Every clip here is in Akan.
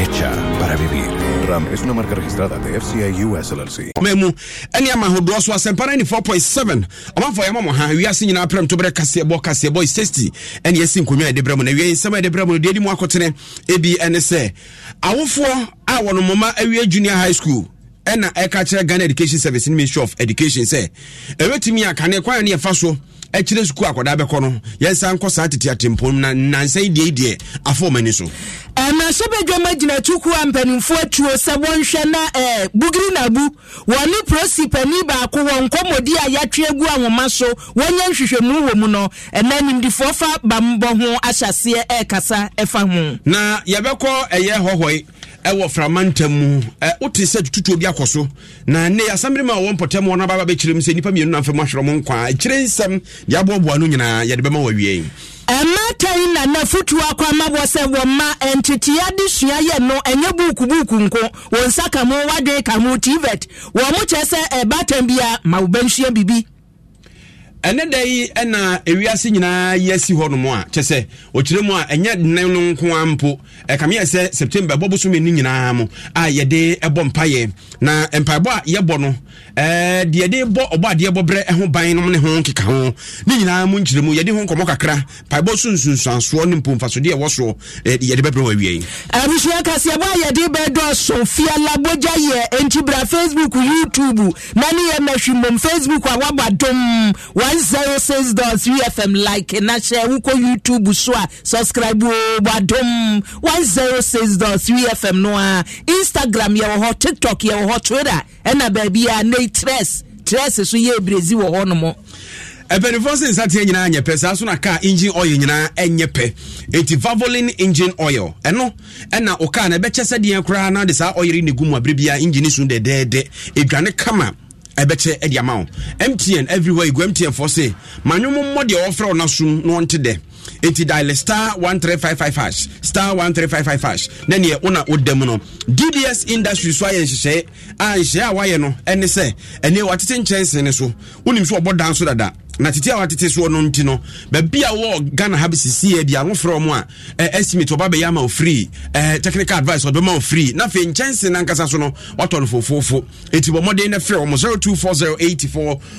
hecha para vivir. Ram es una marca registrada de FCI US LLC. Memu, any ama hodoɔ so asɛmpa 94.7. Ɔmanfo yɛ mɔmɔ ha, wiase nyinaa prɛm to brɛ kaseɛ bɔ kaseɛ bɔ e safety. Ɛne yɛsi nkonnwa ɛde brɛ mu na wiɛ nsɛm ɛde brɛ mu no deɛ di mu akɔtene ebi ɛne sɛ awofoɔ a wɔn mɔma awie junior high school ɛna ɛka kyerɛ Ghana Education Service Ministry of Education say. ɛbɛtumi akane kwan ne yɛfa so. ɛkyerɛ sukuu akwadaa bɛkɔ no yɛnsa nkɔ saa tete atempɔn na nansa yi deɛ deɛ afɔm ani so. ɛmɛhyɛ bɛdwama gyina tukuu a mpanimfoɔ atuo sɛ wɔnhwɛ na ɛɛ bugiri na bu wɔne polisi panin baako wɔn nkɔmɔdi a yɛatwe gu ahoma so wɔnyɛ nhwehwɛmu wɔ mu no ɛnna nimdifoɔ fa bambɔ ho ahyɛseɛ ɛɛkasa ɛfa ho. na yɛbɛkɔ ɛyɛ hɔhɔe ɛwɔ frama ntam mu wote sɛ tututuo bi akɔ so na ne asɛmmere ma ɔwɔ mpɔtam wɔ no ababa bɛkyerɛ mu sɛ nnipa mmienu namfa mu ahwerɛ mo nkwa akyire nsɛm deɛ aboaboa no nyinaa yɛde bɛma wawiei ɛmatan na nafotuo akɔ amaboɔ sɛ wɔma ntetea de sua yɛ no ɛnyɛ buukubuuku nko wɔn nsa ka mo wadwen ka mo tvet wɔn mo kyerɛ sɛ ɛbaatan bi ma wo biribi ɛnɛ da yi ɛna ewiase nyinaa yi asi hɔ nom a kyɛ sɛ ɔkyerɛ mu a ɛnyɛ nnɛn no nko a mpo ɛkame yɛ sɛ september ɛbɔ bosome no nyinaa mu a yɛde ɛbɔ mpayɛ na mpaebɔ a yɛbɔ no deɛ de bɔ ɔbɔ adeɛ bɔberɛ ho ban nom ne ho keka ho ne nyinaa mu nkyerɛ mu yɛde ho nkɔmmɔ kakra mpaebɔ so nsunsuansoɔ ne mpomfasodeɛ ɛwɔ soɔ yɛde bɛbrɛ wɔ awiei abusua kaseɛbɔ a yɛde bɛdɔso fia labogya yɛ enti bra facebook youtube na ne yɛ mahwi mmom facebook a wabadom 1063 fm like na hyɛ wokɔ youtube so a subscribe o wadom one zero fm no a instagram yɛwɔ hɔ tiktok yɛwɔ hɔ twitter ɛna baabi a ne tres tres eh, so yɛ ebrezi wɔ hɔ nom. mpanyinfoɔ sɛ nsateɛ nyinaa nyɛ pɛ saa so na car engine oil nyinaa eh, nyɛ pɛ eti vavolin engine oil ɛno ɛna o car na ɛbɛkyɛ sɛdeɛ koraa na de saa oil ne gu mu abere bia engine so dɛdɛɛdɛ edwane kama ɛbɛkyɛ ɛde ama wo mtn everywhere you go mtn fɔ se ma nwom mmɔ deɛ wɔfrɛ wo no som na dɛ enti dial star 1355 hash star 1355 hash na neɛ wona woda mu no dds industry so ayɛ nhyehyɛe a nhyehyɛe a wayɛ no ɛne sɛ ɛne watete nkyɛnse ne so wonim so wɔbɔ dan so dada na tete a watete soɔ no nti no baabi a wɔ ghana ha bɛsisiiɛ deɛ awofrɛ mu a estimate ɔba bɛyɛ ama ofiri eh, technical advice ɔbɛma ofiri na afei nkyɛnse no ankasa so no watɔ no fofoofo ɛti bɔ mmɔden no frɛ ɔmo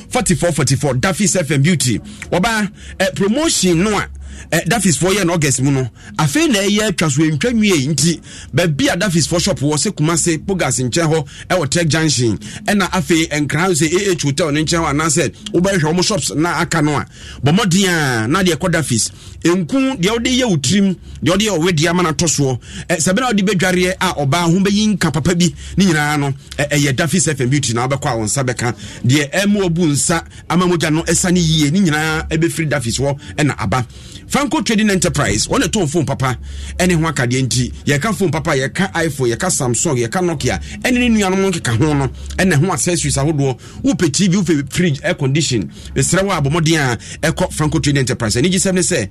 0240844444 dafis fm beauty wɔba eh, promotion no a Eh, dafisfoɔ yɛ no august mu no afei na ɛyɛ atwa so ɛntwa nwie nti baabi a dafisfoɔ shop wɔ se kumase pogas nkyɛn hɔ ɛwɔ tech junction ɛna afei nkran sɛ ah hotel no nkyɛn hɔ anaasɛ wobɛhwɛ wɔn shops na aka no a bɔmmɔden na deɛ ɛkɔ dafis nku deɛ wode yɛ wo tirim deɛ wode yɛ ɔwe deɛ ama no atɔ soɔ eh, sɛbɛ na wode bɛdwareɛ a ɔbaa ho bɛyi nka papa bi ne nyinaa no ɛyɛ dafis fm beauty na wobɛkɔ a wo nsa bɛka deɛ ɛma wabu nsa ama mogya no ɛsa ne yie ne nyinaa ɛbɛfiri dafis hɔ ɛna aba franco trading enterprise wɔn na ɛtɔn phone papa ɛne ho akadeɛ nti yɛka phone papa yɛka iphone yɛka samsung yɛka nokia ɛne ne nuanom nkeka ho no ɛna ho accessories ahodoɔ wopɛ tv wopɛ fridge air condition ɛsrɛ wɔ abɔmmɔden a ɛkɔ franco trading enterprise ɛne gye sɛm ne sɛ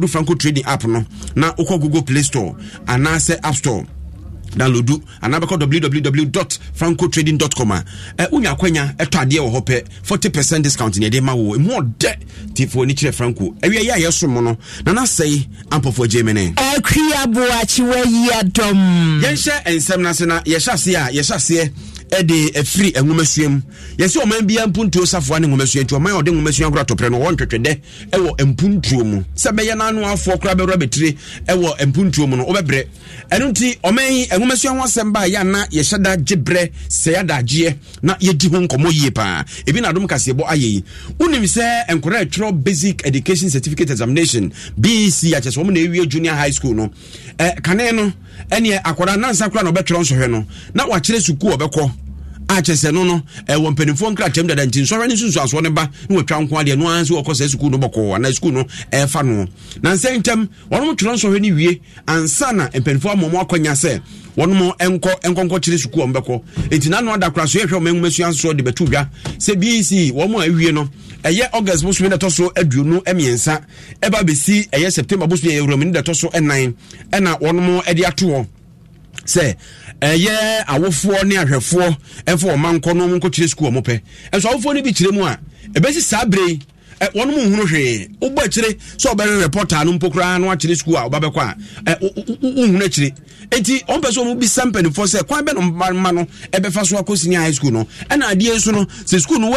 wo franco trading app no na wokɔ google play store anaasɛ app store download do anaa www dot franco trading dot com a eh, ɛ wonya akwanya ɛtɔ eh, adeɛ wɔ hɔ pɛ forty percent discount ne yɛde ma wɔ emu ɔdɛ tifoɔ ni kyerɛ franco ɛwia yɛ a yɛsom no nana sɛyi ampɔfoɔ gye mi ne. yɛn hyɛ nsɛm n'ase na yɛhyɛ aseɛ a yɛhyɛ aseɛ ɛde ɛfiri ɛnwomasua mu yɛsɛ ɔman bia mpuntuo safoa ne nwomasua nti ɔman ɔde nwomasua kora tɔprɛ no wɔn twɛtwɛdɛ ɛwɔ mpuntuo mu sɛ bɛyɛ n'ano afoɔ kora bɛwura bɛtire ɛwɔ mpuntuo mu no wɔbɛbrɛ ɛno nti ɔman yi ɛnwomasua ho asɛm ba yɛ ana yɛhyɛ da gye brɛ sɛ yɛ adagyeɛ na yɛdi ho nkɔmɔ yie paa ebi na adom kaseɛbɔ ayɛ yi wonim sɛ nkora ɛtwerɛ basic education certificate examination (BEC) akyɛ sɛ wɔn na ɛwie junior high school no ɛɛ kane no ɛneɛ akwadaa nansa kora na ɔbɛtwerɛ nsɔhwɛ no na wakyerɛ sukuu ɔbɛkɔ akyɛ sɛ no no ɛwɔ mpanimfoɔ nkratam dada nti nsɔre ne nsunsuasoɔ no ba ne wɔtwa nko adeɛ no ara sɛ wɔkɔ sɛ sukuu no bɔkɔɔ anaa sukuu no ɛfa no nansɛ ntam wɔnom twerɛ nsɔhwɛ no wie ansa na mpanimfoɔ amɔmɔ akɔnya sɛ wɔnom ɛnkɔ ɛnkɔnkɔ kyerɛ sukuu ɔm bɛkɔ enti na no adakora so yɛhwɛ ɔma nwuma sua nsoɔ de bɛto dwa sɛ bc wɔm a awie no ɛyɛ august bosome da ɛtɔ so aduonu mmiɛnsa ɛba bɛsi ɛyɛ september bosome ɛyɛ awuramani da ɛtɔ so ɛnan ɛna wɔnom de atoɔ sɛ ɛyɛ awofoɔ ne ahwɛfoɔ ɛmfa wɔma nkɔ no nkɔkyerɛ sukuu wɔ mopɛ ɛnso awofoɔ no bi kyerɛ mu a ebesi saa bere yi wɔn mu nhunu hwee wobɔ akyire sɛ ɔbɛyɛ reporter no mpo koraa sukuu a ɔbɛbɛkɔ a wohunu akyire enti ɔmpɛ sɛ ɔmu bi sa mpanimfoɔ sɛ kwan bɛ no mma no ɛbɛfa so akɔ high school no ɛna adeɛ nso no sɛ sukuu no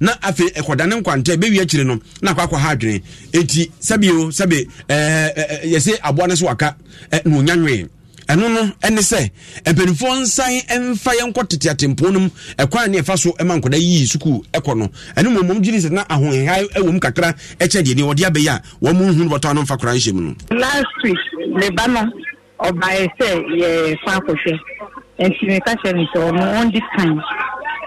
na afei ɛkɔda ne nkwanta bɛwi akyire no na akɔ akɔ ha adwene enti sɛbio sɛbe yɛse aboa no so aka na ɔnya nwee ɛno no ɛne sɛ mpanimfoɔ nsan ɛmfa yɛnkɔ tete atempɔn no mu ɛkwan ne ɛfa so ɛma nkɔda sukuu ɛkɔ no ɛno gyiri sɛ na ahoheha ɛwɔ mu kakra ɛkyɛ deɛ deɛ wɔde abɛyɛ a wɔn mu nhunu bɔtɔ ano mfa koraa nhyɛ mu no. last week ne ba no sɛ yɛ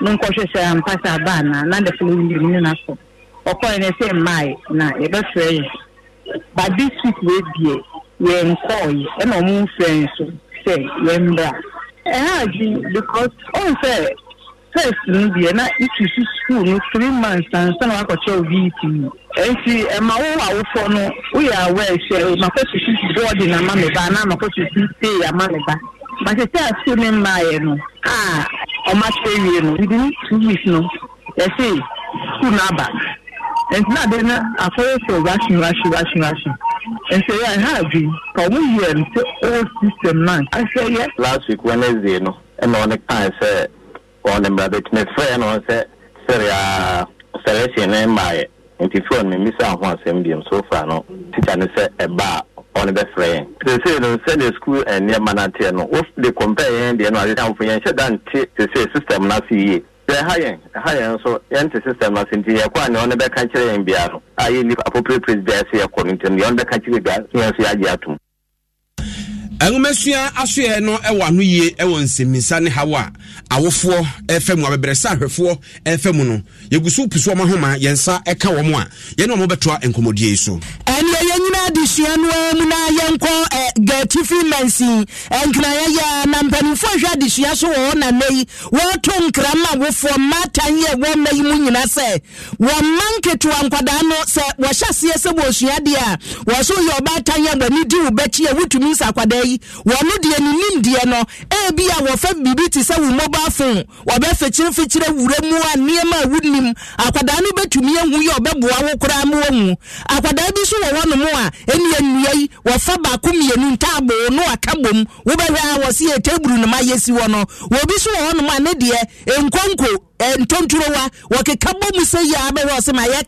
nkɔhwehwɛ ampasa abaa na nandefo no wuli mu na so ɔkɔɛ na sɛ mmae na yɛbɛfrɛ yɛ Ba this week wei bie yɛnkɔɔyɛ ɛna ɔmo mfrɛ nso sɛ yɛmbra ɛha agye because ɔn sɛ first no deɛ na ntusu school no three months ansa na wakɔkyerɛ obi yi ti mu nti ɛma wo awofo no woyɛ o sɛ makɔsusu board na ama me ba anaa makɔsusu stay ama me ba bàtẹ sẹ ẹsẹ mi mmaa yẹ no a ọmọ akyerẹ wie no within two weeks no yẹsẹ school n'aba nti na adi na afọwọ sọ rashin rashin rashin rashin nti yẹ ẹha bi ka ọmọ yi ẹ nti old system man ẹsẹ yẹ. last week wednesday no ẹna ọne kan sẹ ọne mbrada tẹmẹ fẹ ẹna ọsẹ sẹrẹ a sẹrẹ ẹsẹ ne mmaa yẹ nti fẹ ọne mi sẹ ahọ asẹm bi m so far no tita ne sẹ ẹba a ɔne bɛfrɛ yɛn sesei no sɛdeɛ skul nneɛma no ateɛ no wode compare yɛn deɛ no adetamfo yɛnhyɛ da nte sesei system no ase yie sɛ ɛha yɛn ɛha yɛn nso yɛnte system no ase nti yɛkɔ a ne ɔne bɛka kyerɛ yɛn biara no a yɛnni appropriate place biara sɛ yɛkɔ no nti no deɛ ɔne bɛka kyerɛ biara yɛn nso yɛagye atom nwomasua asoɛ no wɔ ano yie wɔ nsɛmmisa ne haw a awofoɔ ɛfɛ mu abɛbrɛsɛ ahwɛfoɔ ɛfɛ mu no yɛgu so wopi so ɔma homa yɛnsa ɛka wɔ mu a yɛne ɔma bɛtoa nkɔmmɔdie yi so ɛneɛ yɛnyina adesua no a mu na yɛnkɔ gatifi mansin nkenayɛyɛ na mpanimfoɔ hwɛ adesua so wɔ hɔ nana yi wɔto nkra ma wofoɔ mmatan yɛ wɔma yi mu nyina sɛ wɔma nketewa nkwadaa no sɛ wɔhyɛ aseɛ sɛ wɔsua deɛ a wɔ so yɛ ɔbaatan yɛ bɔne di wo bɛkyi a wotumi nsa akwadaa yi wɔn deɛ ne nim deɛ no ebi a wɔfɛ biribi te sɛ wo mobile phone wɔbɛ fikyire fikyire wura mu a nneɛma a wonim akwadaa no bɛtumi ehu yi ɔbɛboa wo koraa mu ehu akwadaa bi nso wɔ hɔnom a enia nnua yi wɔfa baako mmienu ntaaboo no aka bom wobɛhwɛ a wɔsi yɛ teeburu no ma yɛsi wɔ no wɔbi nso wɔ hɔnom a ne deɛ nkonko ntonturowa wɔkeka bɔ mu sɛ yie abɛwɔ sɛ ma yɛ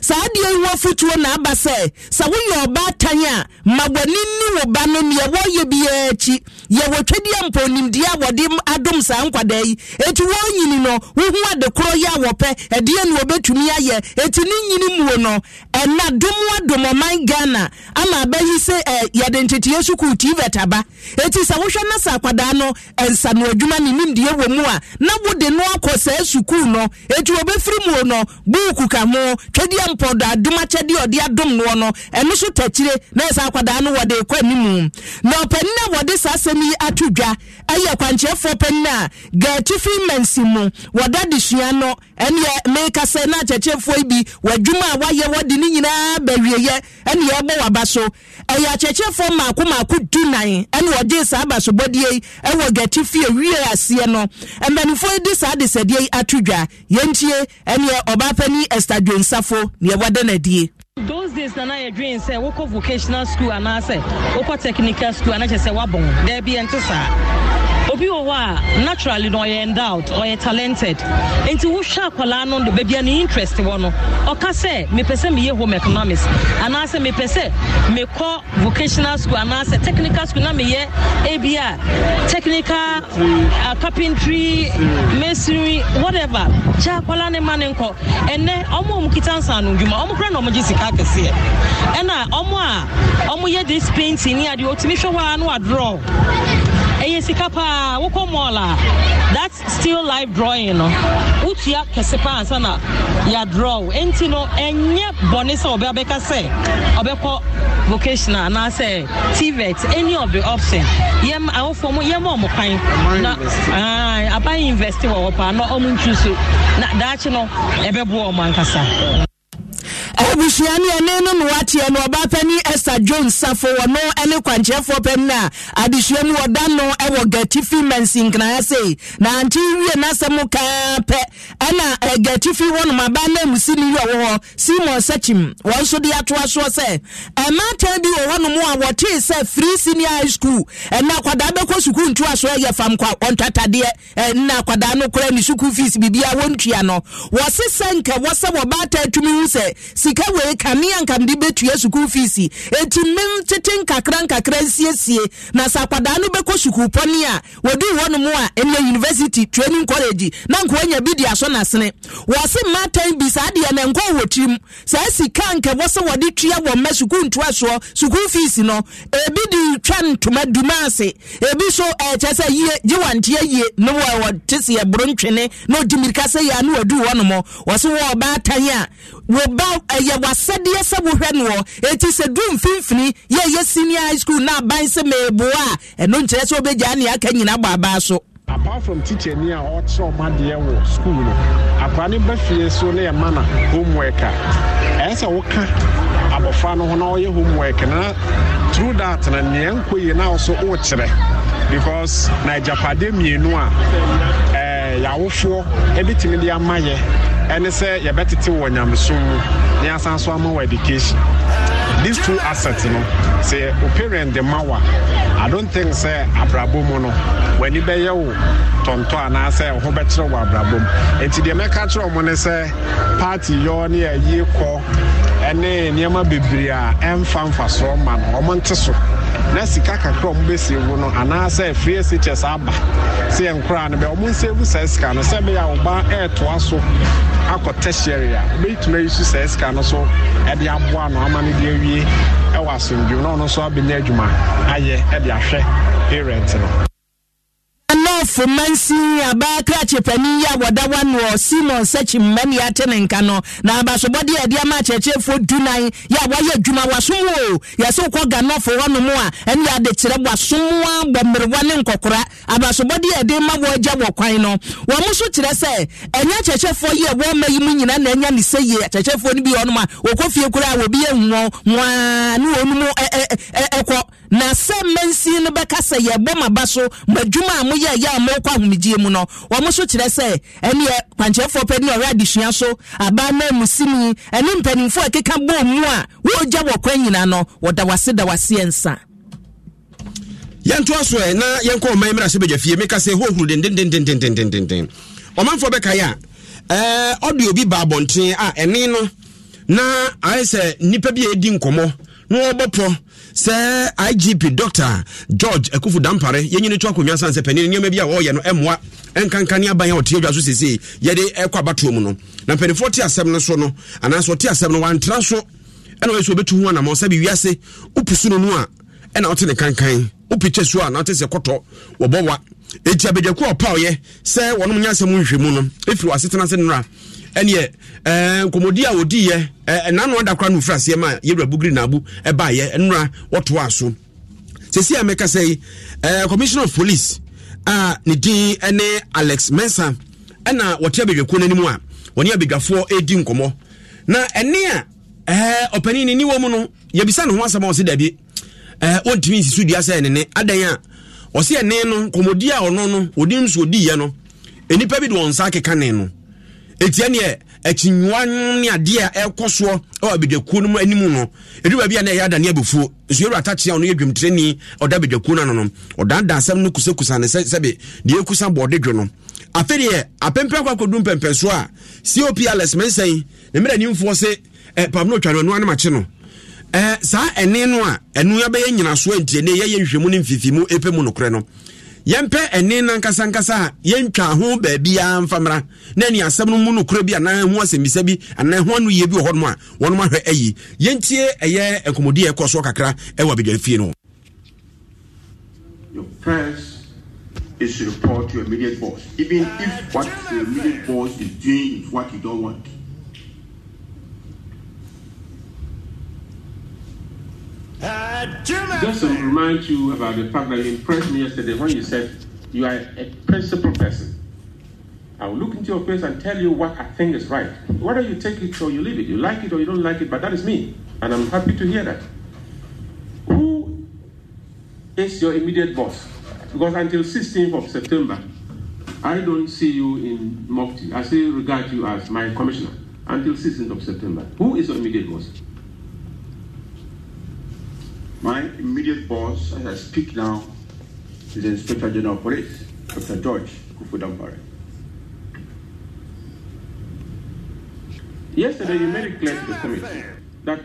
saa adeɛ yi wɔfotuo na aba sɛ sɛ woyɛ ɔbaatan a ma ne wo ba no neɛ wɔyɛ biara akyi yɛwɔ twɛdeɛ mpo nimdeɛ a wɔde adom saa nkwadaa yi enti wɔnyini no wohu adekorɔ yɛ a wɔpɛ ɛdeɛ ne wɔbɛtumi ayɛ enti ne nyini muo no ɛna dom adom ɔman ghana ama abɛyi sɛ ɛ yɛde nteteɛ sukuu tvet aba enti sɛ wohwɛ na akwadaa no ɛnsa no adwuma ne nimdeɛ wɔ mu a na wode no akɔ saa sukuu no etu obefiri mu no buuku ka ho twɛdeɛ mpɔdɔ adomakyɛdeɛ ɔde adom noɔ no ɛno so tɛkyire na ɛsɛ akwadaa no wɔde kɔ anim na ɔpanin a wɔde saa asɛm yi ato dwa ɛyɛ kwankyerɛfoɔ panin a gɛɛtifi mɛnsi mu wɔda desua no ɛneɛ mekasɛ na akyerɛkyerɛfoɔ yi bi wɔadwuma a wayɛ wɔde ne nyinaa bɛwieyɛ ɛne yɛbɔ waba so ɛyɛ akyerɛkyerɛfoɔ maako maako du nan ɛne wɔgye saa abasobɔdeɛ yi ɛwɔ gɛɛtifi awie aseɛ no mpanimfoɔ yi de saa desɛdeɛ yei ato dwa yɛntie ɛneɛ ɔbaa pani ɛsta dwensafo neɛ wɔde no adie those days na na yɛ dwen sɛ wokɔ vocational school anaasɛ wokɔ technical school anakyɛ sɛ woabɔn daabi ɛnte saa obi wɔ hɔ a naturally no ɔyɛ endowed ɔyɛ talented nti wohwɛ akwadaa no de baabi a ne interest wɔ no ɔka sɛ mepɛ sɛ meyɛ home economics anaasɛ mepɛ sɛ mekɔ vocational school anaasɛ technical school na meyɛ ebi a technical uh, carpentry masonry whatever kyɛ akwadaa ne ma ne nkɔ ɛnɛ ɔmo a ɔmo kita nsa ano dwuma ɔmo kora na ɔmo gye sika kɛseɛ ɛna ɔmo a ɔmo yɛ this painting ni adeɛ otumi hwɛ hɔ a no adorɔ ɛyɛ sika paa wokɔ mɔɔl that still life drawing no wotua kɛse paa ansa na yɛadrɔw ɛnti no ɛnyɛ bɔne sɛ ɔbɛ abɛka sɛ ɔbɛkɔ vocational anaasɛ tvet any of the option yɛm awofoɔ mu yɛma ɔmo kwan na aban invest wɔ hɔ paa na ɔmo ntu so na daakye no ɛbɛboa ɔmo ankasa abusua ne ɛne no no wateɛ no ɔbaa pani esther jones safo wɔno ne kwankyerɛfoɔ pam no a adesua mu no wɔ gatifi mansinkenaeɛ sei na ante wie n'asɛm kaa pɛ ɛna eh, gatifi hɔnom aba na amusi ne wia wɔ hɔ simon sachim wɔn nso de atoa soɔ sɛ ɛmatan bi wɔ hɔnom a wɔtee sɛ free senior high school ɛna akwadaa bɛkɔ sukuu ntoa so yɛ fam kwa ɔntatadeɛ ɛna eh, akwadaa no kora ne sukuu fees biribia wɔntua no wɔse sɛ nka wɔsɛ wɔbaata atumi hu sɛ sika wei ka me anka mede bɛtua sukuu fees enti mentete nkakra nkakra nsiesie na sɛ akwadaa no bɛkɔ sukuupɔne a wɔduu hɔ no mu a ɛnyɛ university training college na nka wanya bi de asɔ nasene wɔ se mma tan bi saa deɛ ne nkɔ wɔ tirim saa sika anka wɔ sɛ wɔde tua wɔ mma sukuu ntoasoɔ sukuu fees no ebi de twa ntoma duma ase ebi so ɛkyɛ eh, sɛ yie gye wanteɛ yie ne wɔ wɔ te seɛ boro ntwene na odi mirika sɛ yɛ a ne wɔduu hɔ no mɔ wɔ se wɔ ɔbaa tan a wo ba ɛyɛ wasɛdeɛ sɛ wohwɛ no wɔ eti sɛ du mfimfini yɛ yɛ senior high school na aban sɛ mɛɛboa a ɛno nkyerɛ sɛ wobɛgyaa ne aka nyina bɔ abaa so apart from teacher ni a ɔkyerɛ ɔma adeɛ wɔ school no akora ne so ne yɛ ma homework a ɛyɛ sɛ woka abɔfra no ho na ɔyɛ homework na through that na neɛ nkɔ yie na ɔso wokyerɛ because na agyapade mmienu a ɛɛ yɛawofoɔ ɛbɛtumi de ama yɛ ɛne sɛ yɛbɛtete wɔ nyamesom mu na yɛasan so ama wɔ education these two assets no sɛ o parent de ma wa i don't think sɛ abrabɔ mu no w'ani bɛyɛ wo tɔntɔ anaasɛ ɛho bɛkyerɛ wɔ abrabɔ mu nti deɛ mɛka kyerɛ ɔmo ne sɛ party yɔ ne yɛyie kɔ ɛne nneɛma bebree a ɛmfa mfasoɔ ma no ɔmo nte so. na sika kakra ɔmo bɛsie gu no anaasɛ free sitches aba sɛ yɛ nkoraa no bɛ ɔmo nsa egu saa sika no sɛ bɛyɛ a ɔbaa ɛɛtoa so akɔ tɛsiɛri a ɔbɛtumi ayi so saa sika no so ɛde aboa no ama no de awie ɛwɔ asomdwom na ɔno nso adwuma ayɛ ɛde ahwɛ afomansi abaa krakye panin yi a wɔda wa no wɔ simon sɛkyi mmani ate ne nka no na abasobɔde a yɛde ama akyerɛkyerɛfoɔ dunan yɛ a wɔayɛ adwuma wasom o yɛsɛ wokɔ ganɔfo hɔnom a ɛne adekyerɛ wasom a bɔ mmerewa ne nkɔkora abasobɔde a yɛde ma wɔagya wɔ kwan no wɔn nso kyerɛ sɛ ɛnyɛ akyerɛkyerɛfoɔ yi a wɔn ma yi mu nyinaa na ɛnya ne sɛ yie akyerɛkyerɛfoɔ no bi hɔnom a wɔkɔ fie koraa a wɔbi yɛ nwɔn nwaa ne wɔn mu na sɛ mmansi no bɛka sɛ yɛbɔ maba so ma adwuma wɔn kɔ ahomegyeɛ mu no nso kyerɛ sɛ ɛneɛ kwankyɛfoɔ pɛ ne ɔyɛ adesua so abaa naa mu sini ɛne ɛkeka bɔɔ mu a wɔ kwan nyinaa yɛntoa so ɛ na yɛnkɔ ɔman mmra meka sɛ dendendendendendenden ɔmanfoɔ a obi ba abɔnten a ɛne na ayɛ sɛ nnipa bi a ɛdi nkɔmmɔ na wɔbɔtɔ sɛ igp dr george akufu dampare yɛnyine to akonnwa sane sɛ panini nneɔma bi a wɔyɛ no ɛmmoa ɛnkanka ne aban a ɔte adwa so sesei yɛde ɛkɔ abatoɔ mu no na mpanimfoɔ te asɛm no so no anaasɛ ɔte asɛm no wantra so ɛna ɔyɛ sɛ wobɛtu ho anamɔ sɛ biriwiase wopusu no no a ɛna wote ne kankan wopikya so a na wote sɛ kɔtɔ wɔbɔwa ɛti abadwaku a ɔpa ɔyɛ sɛ wɔnom nyɛ asɛm nhwɛ mu no ɛfiri wɔ se nnora ɛneɛ nkɔmmɔdi a wɔdiiɛ ɛnano ada kora no firi aseɛ ma yɛwura bugiri naabu ɛbaayɛ nnora wɔtoa aso sisi a mɛka sɛ commissioner of police a ne din ne alex mensa ɛna wɔte abadwakuo no anim a wɔne abadwafoɔ ɛdi nkɔmmɔ na ɛne a ɔpanin ne ni wɔ mu no yɛbisa ne ho asɛm a ɔse dabi wɔntumi nsi so dua sɛ ɛnene adɛn a ɔse ɛne no nkɔmmɔdi a ɔno no ɔdi nso bi de wɔn nsa akeka ne no ɛtia neɛ akyinwa ne adeɛ a ɛkɔ soɔ ɛwɔ abadwakuo no anim no ɛduru baabi a na ɛyɛ adane abɛfuo nsuɛru atakyea ɔno yɛ dwamtirɛni ɔda abadwakuo no ano no ɔdaadaa asɛm no kusakusa ne sɛ sɛbe deɛ ɛkusa bɔɔde dwe no afei deɛ apempem akɔ mpɛmpɛn so a cop alex mensɛn ne mmerɛ nimfoɔ se ɛ e, pam no ɔtwane ɔnoa no makye no ɛɛ saa ɛne no a ɛno abɛyɛ nyinasoɔ ntiene yɛyɛ nhwɛmu ne mfifimu ɛpɛ mu nokorɛ no yɛmpɛ ɛne no a yɛntwa ho baabiaa mfamra na ɛne asɛm no mu nokorɛ bi anaa ho asɛmmisa bi anaa ho anoyie bi wɔ hɔ nom a wɔnom ahwɛ ayi yɛntie ɛyɛ nkɔmmɔdi a ɛkɔ soɔ kakra ɛwɔ abadwa fie no Your first is to report to your immediate boss, even if what your immediate boss is doing is what you don't want. Just to remind you about the fact that you impressed me yesterday when you said you are a principled person. I will look into your face and tell you what I think is right. Whether you take it or you leave it, you like it or you don't like it, but that is me. And I'm happy to hear that. Who is your immediate boss? Because until 16th of September, I don't see you in Mokti. I still regard you as my commissioner until 16th of September. Who is your immediate boss? My immediate boss, as I speak now, is the Inspector General of Police, Dr. George Kufudampare. Yesterday, you made it clear to the committee that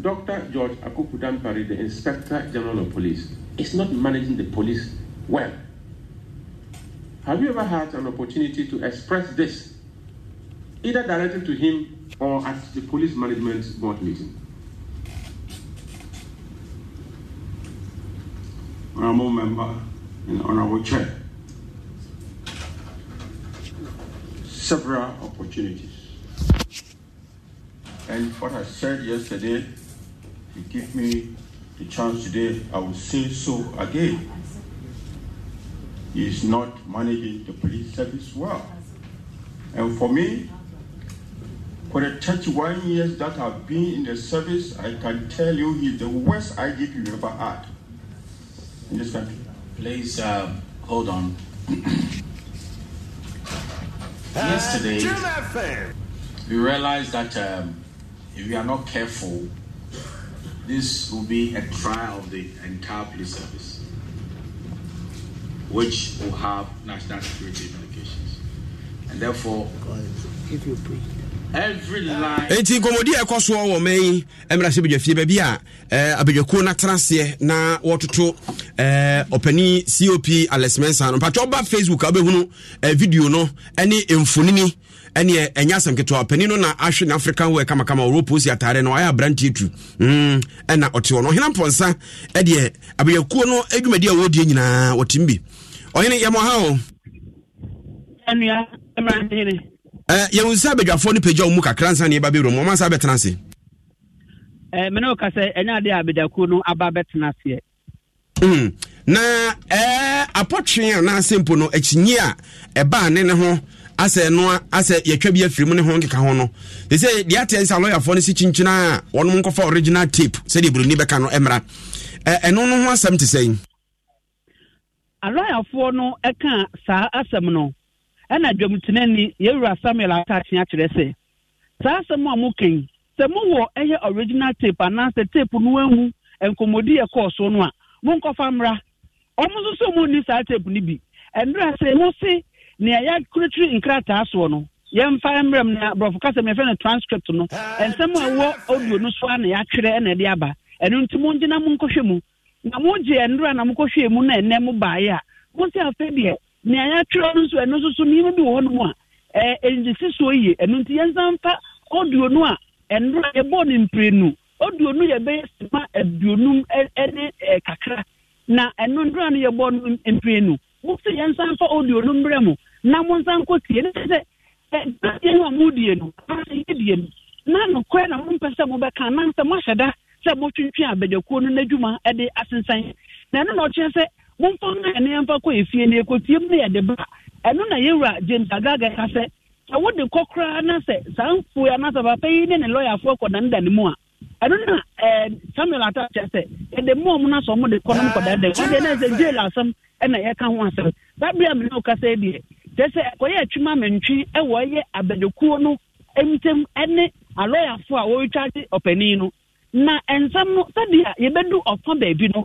Dr. George Akukudampare, the Inspector General of Police, is not managing the police well. Have you ever had an opportunity to express this, either directly to him or at the police management board meeting? Honorable Member and Honorable Chair. Several opportunities. And what I said yesterday, if you give me the chance today, I will say so again. He is not managing the police service well. And for me, for the 31 years that I've been in the service, I can tell you he's the worst IGP you ever had in this country. Please uh, hold on. Yesterday, we realized that um, if we are not careful, this will be a trial of the entire police service, which will have national security implications. And therefore, if you preach enti nkɔmmɔdi a ɛkɔ soɔ wɔ ma yi mmra sɛ badwafie baabi a abadwakuo no tenaseɛ na wɔtoto eh, ɔpani cop alex mensa no mpatwɛ ɔba facebook a wobɛhunu eh, video no ne mfonini ɛneɛ ɛnyɛ asɛm ketewa pani no mm, na ahwe no african wɔ kamakama ɔrɔposi atare no ayɛ abranteɛ tu ɛna ɔte hɔ ɔhena mpɔnsa ɛdeɛ abadwakuo no adwumadi a wɔdie nyinaa wɔtem bi ɔhene yɛmɔ o yɛwu sɛ abadwafoɔ no pagya wo mu kakra nsa ne yɛba bɛwurɛ mu ɔma nsa bɛtena ase me ne woka sɛ ɛnyɛ adeɛ a abadakuo no aba bɛtena aseɛ hmm. na apɔtwe anaasɛ mpo no akyinyi a ɛbaa ne ne ho asɛ noa asɛ yɛtwa bi afiri mu ne ho nkeka ho no te sɛ deɛ ateɛ sɛ alɔyafoɔ no si kyinkyina a wɔnom nkɔfa original tape sɛdeɛ buroni bɛka no mmra ɛno no ho asɛm te sɛn alɔyafoɔ no ɛka saa asɛm no ɛna dwamtenani yɛwura samuel akakye akyerɛ sɛ saa asɛm a mokan sɛ mowɔ ɛyɛ original tape anaasɛ tape no ahu nkɔmmɔdi yɛ kɔɔ so no a monkɔfa mmra ɔmo nso so munni saa tape no bi ɛnera sɛ mo se nea yɛakuretiri nkrataa soɔ no yɛmfa mmerɛm na borɔfo kasɛm yɛfrɛ no transcript no ɛnsɛm a ɛwɔ audio no so a na yɛatwerɛ na ɛde aba ɛno nti mongyina monkɔhwɛ mu na mogye ɛnera na mokɔhwɛɛ mu na ɛnɛ mo baeɛ a mo sɛ afɛ deɛ nea yɛatwerɛ no nso ɛno nso so nneɛma bi wɔ hɔ nom a ɛnsisi soɔ yie ɛno nti yɛnsa mfa ɔduo no a ɛnora yɛbɔɔ no mprenu ɔduo no yɛbɛyɛ sima aduonum ɛne kakra na ɛno ndora no yɛbɔɔ no mprenu mo sɛ yɛnsa mfa ɔduo no mmerɛ mo na mo nsa nkɔ tie ne sɛ ɛdeɛ no a modie no yɛdie no na nokorɛ na mompɛ sɛ mobɛka anansɛ moahyɛ da sɛ motwentwe abadwakuo no n'adwuma de asensan na ɛno na ɔkyerɛ sɛ momfa na ɛne yɛmfa kɔ efie na yɛkɔtie mu na yɛde ba ɛno na yɛwura james agaga ka sɛ sɛ wode kɔ koraa na sɛ saa mfuo anaasɛ papa yi ne ne lɔyafoɔ kɔ danda ne mu a ɛno na samuel ata kyerɛ sɛ yɛde mmoa mu no asɔ mo de kɔ nom kɔdanda wodeɛ na sɛ jail asɛm ɛna yɛka ho asɛm saa berɛ a mene wokasa deɛ kyerɛ sɛ ɛkɔyɛ atwuma mentwe ɛwɔ ɛyɛ abadwokuo no ntɛm ɛne alɔyafoɔ a wɔretwa de ɔpanin no na nsɛm no sɛdeɛ yɛbɛdu ɔfa baabi no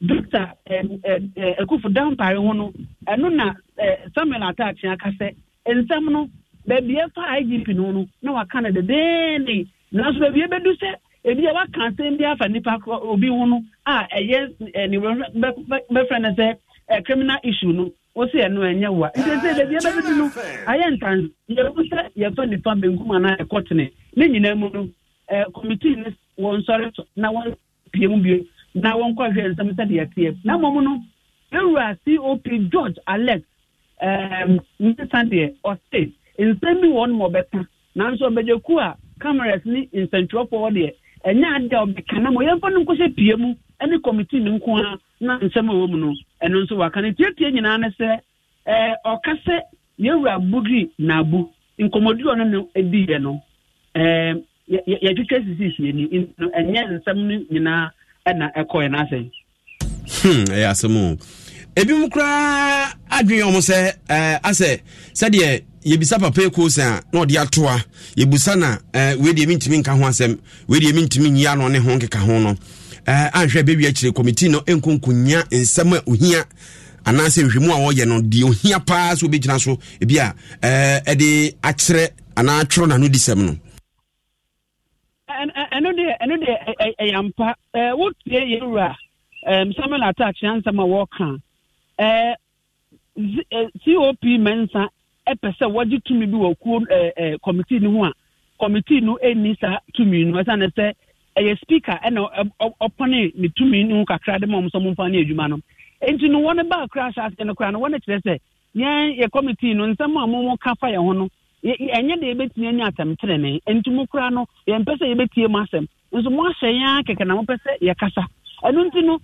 dɔkta eh, ho no ɛno na samuel ataakye aka nsɛm no baabi ɛfa igp no no na waka no dedeene nanso baabi ɛbɛdu sɛ ebi a waka asɛm bi afa nipa obi ho no a ɛyɛ bɛfrɛ no sɛ criminal issue eh, no wosi eh, ɛnyɛ wa baabi ɛbɛdu no ayɛ ntan yɛbu sɛ yɛfa nipa benkum ɛkɔtene ne nyinaa mu no committee wɔn sɔre pie mu bie na wɔn kɔ hwɛ nsɛm sɛ deɛ teɛ na mmom no ewura cop george alex ɛɛm nsesan deɛ ɔse nsɛm bi wɔ no ma ɔbɛka nanso ɔbɛgye ku a cameras ne nsɛntwerɛfoɔ deɛ ɛnyɛ ade a ɔbɛka na mo yɛmfa no nkɔhyɛ pie mu ne kɔmiti e ne nko ara na nsɛm a ɛwɔ mu no ɛno nso waka no tietie nyinaa ne sɛ ɛɛ ɔka sɛ yɛwura bugiri na abu nkɔmmɔduru ɔno no ediiɛ no ɛɛm yɛtwitwa sisi hyia ni ɛnyɛ nsɛm no nyinaa ɛna ɛkɔɛ n'asɛn. Hmm, ɛyɛ asɛm o ebinom koraa adwene wɔn sɛ ɛɛ asɛ sɛdeɛ yɛbisa papa ekoosan a na ɔde atoa yɛbusa na ɛɛ wei deɛ mi ntumi nka ho asɛm wei deɛ mi ntumi nyi ano ho nkeka ho no ɛɛ ahwɛ baabi akyire kɔmiti no nkonkonya nsɛm a ohia anaasɛ nhwɛmu a wɔyɛ no deɛ ohia paa so obɛgyina so ebi a ɛɛ ɛde akyerɛ anaa atwerɛ n'ano di sɛm no ɛno deɛ ɛno deɛ ɛyɛ ampa ɛɛ wotie yɛ wura ɛɛm samuel ataakye ansɛm a wɔɔka ɛɛ zi cop mɛnsa ɛpɛ sɛ wɔgye tumi bi wɔ kuo ɛɛ ɛɛ kɔmitii no ho a kɔmitii no ɛnni saa tumi no ɛsan sɛ ɛyɛ speaker ɛna ɔpɔne ne tumi no kakra de ma wɔn sɛ wɔn mfa ne adwuma no nti no wɔn ba akora ahyɛ ase no kora no wɔn kyerɛ sɛ yɛn yɛ kɔmitii no nsɛm a wɔn ka fa yɛn ho no ɛnyɛ de yɛbɛtumi ani asɛm tenene ɛnti mu kora no yɛmpɛ sɛ yɛbɛtie mu asɛm nso mo ahyɛ yɛn akɛkɛ na mopɛ sɛ yɛkasa ɛno nti no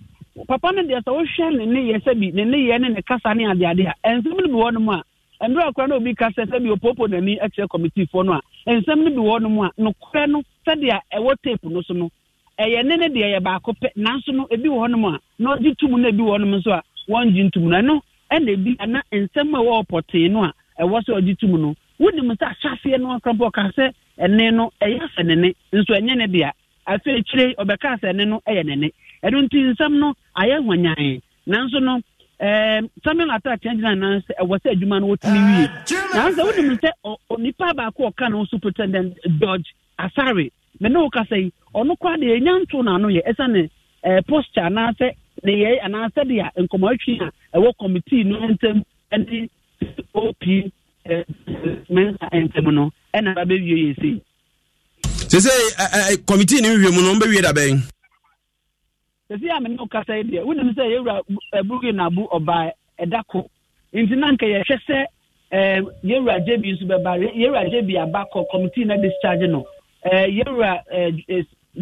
papa no deɛ sɛ wohwɛ ne nneyɛ sɛ bi ne nneyɛ ne ne kasa ne adeade a ɛnsɛm no bi wɔ no mu a mmerɛ akora na obi ka sɛ sɛ bi opoopo n'ani akyerɛ kɔmitiifoɔ no a ɛnsɛm no bi wɔ no mu a nokorɛ no sɛdeɛ ɛwɔ tape no so no ɛyɛ e ne ne deɛ yɛ baako pɛ nanso no ebi wɔ hɔnom a na ɔgye tum na ebi wɔ hɔnom nso a wɔngye ntum no ɛno ɛna ebi ana nsɛm a ɛwɔ ɔpɔtee no a ɛwɔ sɛ ɔgye tum no wonim sɛ ahyɛseɛ no akrampo ɔka sɛ ɛne no ɛyɛ sɛ nene nso ɛnyɛ ne dea afei kyire ɔbɛka sɛ ɛne no ɛyɛ nene ɛno nti nsɛm no ayɛ nanso no samuel gyina nan sɛ ɛwɔ sɛ adwuma no wɔtumi wie nanso wonim sɛ onipa baako ɔka no superintendent george asare me ne yi ɔno kora deɛ ɛnya nto yɛ posture anaasɛ ne yɛ anaasɛ deɛ a ɛwɔ committee no ne op Eh, eh, nsɛm no committee ne wiem no mbɛwie da bɛn sɛsɛ a mene wokasa yi deɛ wonim sɛ yɛwura eh, burkina bu ɔbaa ɛda ko nti na nka yɛhwɛ sɛ yɛwura gye bi nso bɛba yɛwura gye bi aba kɔ committee na discharge no yɛwura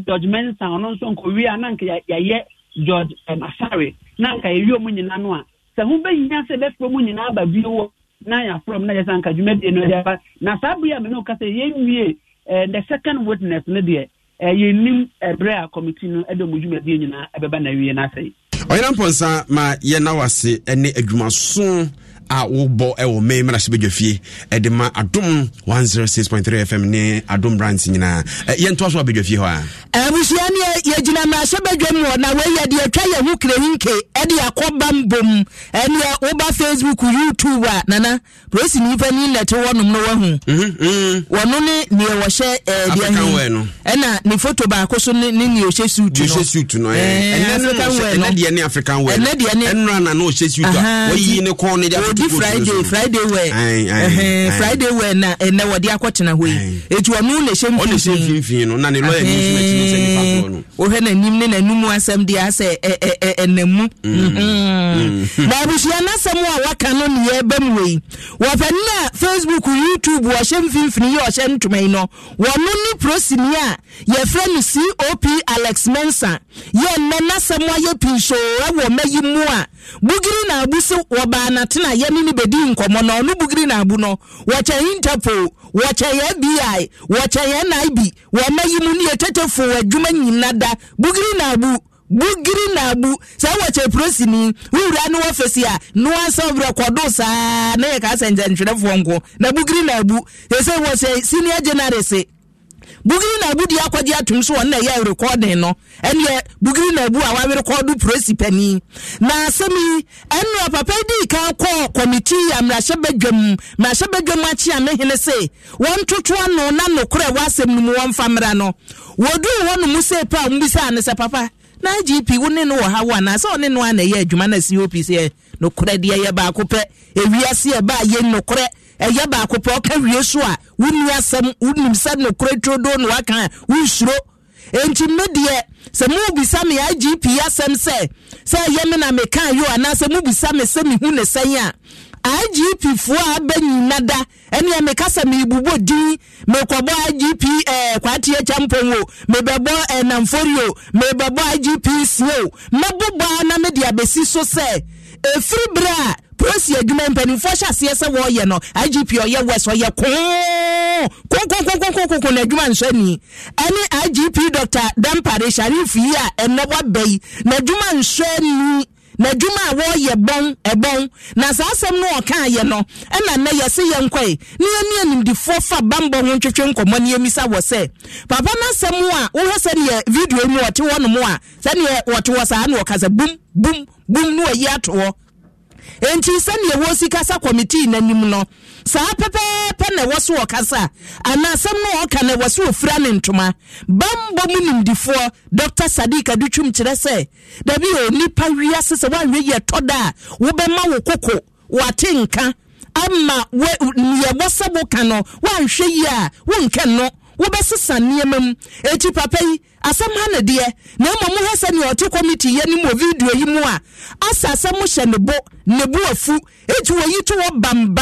george mensa ɔno nso nkɔwie a na nka yɛyɛ george masare na nka yɛwie mu nyinaa no a sɛ ho bɛhia sɛ bɛfrɛ mu nyinaa ba bio wɔ na yɛaforɔm na yɛsa nka dwumadie no de aba na saa bere a mene woka sɛ yɛnwie eh, the second witness no deɛ eh, yɛnim ɛberɛ eh, a committee no ɛde mu dwumadie nyinaa ɛbɛba na awie no asɛe ɔyera mpɔnsa ma yɛna wase ne adwumaso a wobɔ ɛwɔ me mmara so bɛdwa fie ɛde ma adom 106.3 fm ne adom brant nyinaa yɛntoa so a bɛdwa fie hɔ a abusua ne yɛgyina mmara so bɛdwa mu na weiyɛ deɛ ɛtwa yɛ ho krɛhinke ɛde akɔba mbom ɛneɛ woba facebook youtube a nana prosi nnipa ni net wɔnom no wahu mhm, mhm. wɔno ne neɛ wɔhyɛ deɛ ɛna ne photo baako so ne ne ɔhyɛ suit no ɔhyɛ suit no ɛnɛ deɛ ne african wear ɛnɛ deɛ ne ɛnra na na ɔhyɛ suit a wɔyi ne kɔn ne bi friday friday wɛ friday wɛ na ɛnɛ eh, wɔde akɔtena hɔ yi etu ɔno na ɛhyɛ mfimfini no na ne lɔya ni nsu n'akyi ne sɛ nifa koro no wohɛ n'anim ne n'anum asɛm deɛ asɛ ɛnɛmu eh, eh, mm. mm. na abusua n'asɛm a waka no ne yɛ bɛm wɔ yi wɔpɛni na facebook youtube wɔhyɛ mfimfini yi ɔhyɛ ntoma yi no wɔn ne prosini a yɛfrɛ no cop alex mensa yɛ nnɛ n'asɛm ayɛ pii so ɛwɔ mɛyi mu a. bugiri na abu sị ọbaa n'atena ya ne bedi nkɔmɔ na ɔno bugiri na abu no wɔkyɛ interpol wɔkyɛ ya bi wɔkyɛ yɛ nib wɔma yi mu ne yɛ tete fo adwuma nyina da bugiri na abu bugiri na abu saa wɔkyɛ prosini wowura ne wɔfɛsi a noa nsɛbrɛ kɔdo saa na yɛ ka asɛ nkyɛntwerɛfoɔ nko na bugiri na abu ɛsɛ wɔsɛ senior generalist bugiri na ebu di akɔgye atum so wɔn na ɛyɛ rekɔdin no ɛnneɛ bugiri na ebu a wawe rekɔdo polisi panyin na asɛm yi ɛnura papa yi di kan kɔ kɔmiti amrahyɛbadwam amrahyɛbadwam akyi a mehene se wɔn toto ano na nokorɛ wɔ asɛm no mu wɔn famra no wɔduru hɔ nom se pa a mbisa ne sɛ papa na gp wo ne no wɔ ha wo anaasɛ ɔne no a na ɛyɛ adwuma na cop sɛ nokorɛ deɛ yɛ baako pɛ ewiase ɛba a yɛ nokorɛ ɛyɛ baako pɛ ɔka wie so a wonni asɛm wonim sɛ nokorɛ turodoo na waka a wonsuro enti me deɛ sɛ mubisa me igp asɛm sɛ sɛ ɛyɛ me na meka yo anaasɛ mubisa me sɛ mehu ne sɛn a igp foɔ a abɛ nyina da ɛnea meka sɛ meebobɔ din mekɔbɔ igp eh, kwateɛ kyɛ mpɔn o mebɛbɔ eh, namfori o mebɛbɔ igp sie o mɛbobɔa na mede abɛsi so sɛ ɛfiri berɛ a prosi adwuma mpanimfoɔ hyɛ aseɛ sɛ wɔreyɛ no igp ɔyɛ west ɔyɛ koo konkonkonkonkonko na adwuma nsɛ ni ɛne igp dr dampare sharif yi a ɛnɛ waba yi na adwuma nsɛ ni na adwuma a wɔreyɛ bɔn ɛbɔn na saa asɛm no ɔka yɛ no ɛna nnɛ yɛse yɛ nkɔe ne yɛne animdifoɔ fa bambɔ ho ntwetwe nkɔmmɔ ne yɛmisa wɔ sɛ papa no a wohɛ sɛneɛ video mu ɔte hɔ nom a sɛneɛ wɔte hɔ saa ne ɔkasa bum bum bum no ayi ato hɔ nti sɛnea ɛwɔ si kasa committee n'anim no saa pɛpɛɛpɛ na ɛwɔ so wɔ kasa anaasɛm no ɔka na ɛwɔ so ofira ne ntoma bambɔ mu nimdifoɔ dr sadiq adutwum kyerɛ sɛ dabi o nipa wiase sɛ woanwɛ yɛ tɔ a wobɛma wo koko wɔate nka ama yɛwɔ sɛ woka no woanhwɛ yi a wonkɛ no wobɛsesa nneɛma mu eti papa yi asɛm ha ne deɛ na mmom hɛ sɛ ɔte committee yɛ no mu video yi mu a asa asɛm hyɛ ne bo ne bo afu eti wɔyi to wɔ bam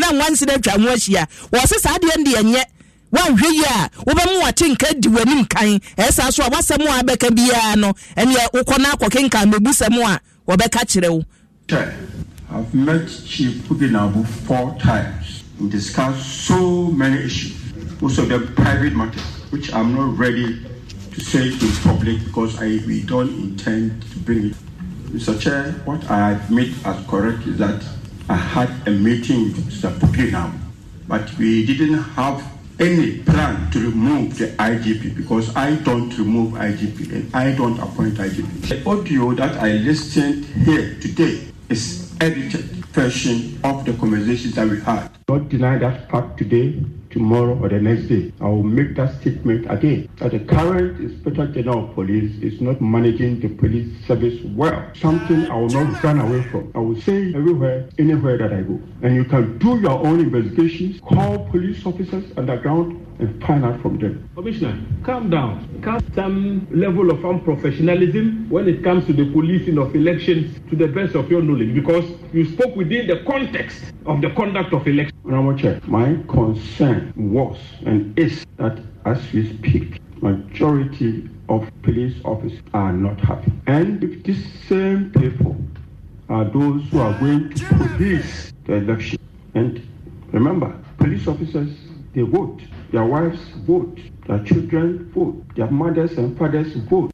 na nwansi na atwa ho ahyia wɔse saa adeɛ no deɛ nyɛ yi a wobɛmu wate nka di w'anim kan ɛsa so a woasɛm a abɛka biara no ɛneɛ wokɔ no akɔkenka mabu sɛm a wɔbɛka kyerɛ wo I've met Chief Puginabu four times We discussed so many issues. most of private matters, which I'm not ready to say in public because I, we don't intend to bring it. Mr. Chair, what I admit as correct is that I had a meeting with Mr. Putin now, but we didn't have any plan to remove the IGP because I don't remove IGP and I don't appoint IGP. The audio that I listened here today is edited version of the conversations that we had. Don't deny that fact today tomorrow or the next day. I will make that statement again that the current Inspector General of Police is not managing the police service well. Something I will not run away from. I will say everywhere, anywhere that I go. And you can do your own investigations, call police officers underground and find out from them. Commissioner, calm down. Calm some level of unprofessionalism when it comes to the policing of elections to the best of your knowledge because you spoke within the context of the conduct of elections my concern was and is that as we speak, majority of police officers are not happy. And if these same people are those who are going to police the election. And remember, police officers, they vote. Their wives vote. Their children vote. Their mothers and fathers vote.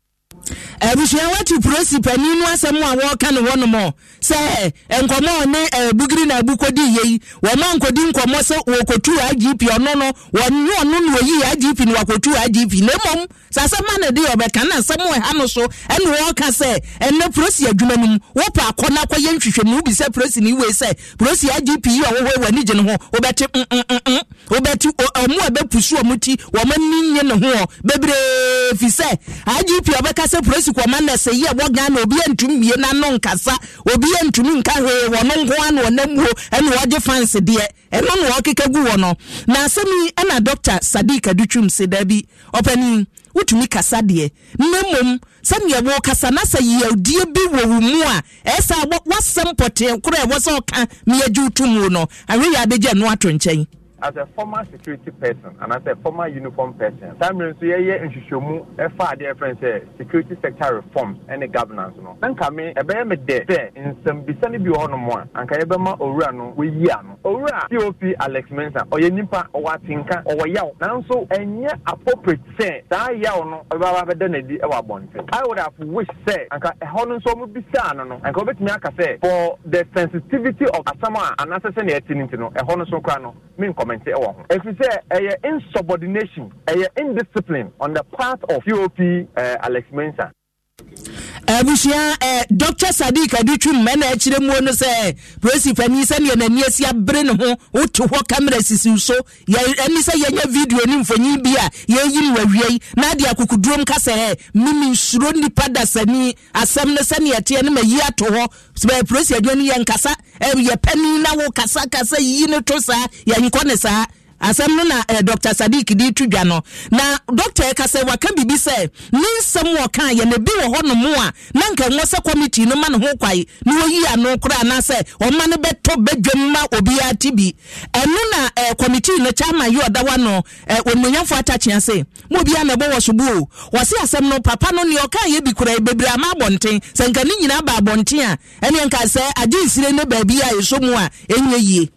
abusua wati polisi panin no asɛm a wɔreka no hɔnom sɛ nkɔmɔ ne eh, bugiri na abu kɔdi yie yi wɔma nkɔdi nkɔmɔ sɛ wɔkɔtu agp ɔno no wɔne ɔno na wɔyi agp na wɔkɔtu agp na mmom sasɛ ma ne de ɔbɛka na asɛm wɔ ha no so ɛne wɔreka sɛ ɛnɛ polisi adwuma no mu wɔpɛ akɔ na akɔyɛ nhwehwɛmu bi sɛ polisi ne wei sɛ polisi agp wobɛti ɔmo a bɛpusu ɔmo ti ɔmo ni nye ne ho bebree fi sɛ IGP ɔbɛkasa polisi kɔma nɛsɛ yi ɛwɔ Ghana obi ntumi mie n'ano nkasa obi ntumi nka hwee wɔn nko ano gu no na asɛm yi ɛna Sadiq Adutwum kasa deɛ mmom sɛnea na sɛ bi wɔ mu a ɛsɛ ɔka mu no ato nkyɛn as a former security person and as a former uniform person saa mmerɛ nso yɛyɛ nhwehwɛmu ɛfa adeɛ fɛn sɛ security sector reforms ɛne governance no na nka me ɛbɛyɛ me dɛ sɛ nsɛmbisa no bi wɔ hɔnom a anka yɛbɛma owura no wɔyi ano owura cop alex mensa ɔyɛ nipa ɔwɔ atenka ɔwɔ yaw nanso ɛnyɛ appropriate sɛ saa yaw no ɔbɛba bɛda n'adi ɛwɔ abɔnten i would have wished sɛ anka ɛhɔ eh, no nso ɔmo bisaa no no anka wɔbɛtumi aka sɛ for the sensitivity of asam a anaasɛ sɛnea ɛte no nti no ɛhɔ no no me comment ɛwɔ ho ɛfiri sɛ ɛyɛ insubordination ɛyɛ eh, indiscipline on the part of pop uh, eh, alex Mensah. abusua eh, dr sadik adutwi mma na akyerɛ muo no sɛ prosifani sɛneɛ n'ani asi abere ne ho wote hɔ kamera sisiw so ɛni sɛ yɛnyɛ video ni mfonyin bi a yɛyi no wawie yi na ade akokodurom ka sɛ ɛ mimi nsuro nnipa dasani asɛm no sɛneɛ teɛ no yi ato hɔ prosi adwa no yɛnkasa yɛpani na wo kasakasa yi no to saa yɛnkɔ ne saa asɛm no na eh, dr sadik de dwa no na dɔkta ɛka sɛ waka biribi sɛ ne nsɛm wɔka na bi wɔ hɔ nom a na nka ɛwɔ sɛ committee no ma ne ho kwae na wɔyi ano koraa anaasɛ ɔma no bɛtɔ bɛdwam ma obiara ti bi ɛno na eh, committee no chairman yi ɔda wa no eh, atakyea se obiara na ɛbɔ wɔ so wɔse asɛm no papa no ɔka yɛ ama abɔnten sɛ nka ne nyinaa a nka sɛ agye a ɛsɔ a ɛnyɛ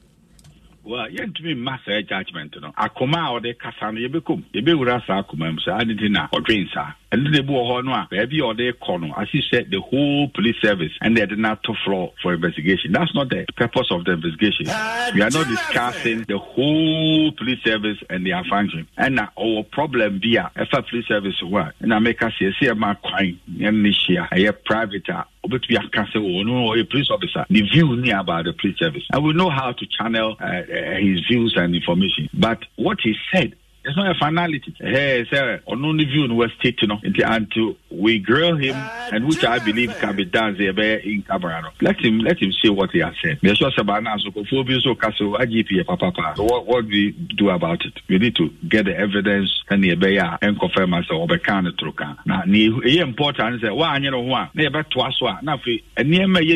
well yɛntumi mma saa judgment no akoma a ɔde kasa no yɛbɛkɔm yɛbɛwura saa akoma mu saa ne di na ɔdwen saa And bi wɔ hɔ every other baabi as he said, the whole police service they ɛde not to frɔ for investigation that's not the purpose of the investigation ah, we are not discussing the whole police service and their function And uh, our problem bi a police service ho a ɛna meka see a man crying. ɛne this year, a private uh, but we aka sɛ oh no a police officer the view ni about the police service and we know how to channel uh, uh his views and information but what he said it's not a finality. Hey, sir, on only view in West State, you know, until we grill him, uh, and which I believe can be done there in Cameroon. Let him let him see what he has said. There's just about now, so so castle, IGP, papa. So what what we do about it? We need to get the evidence and the bear and confirm us or can through can. Now, it's important is why you know one never twice one. Now, if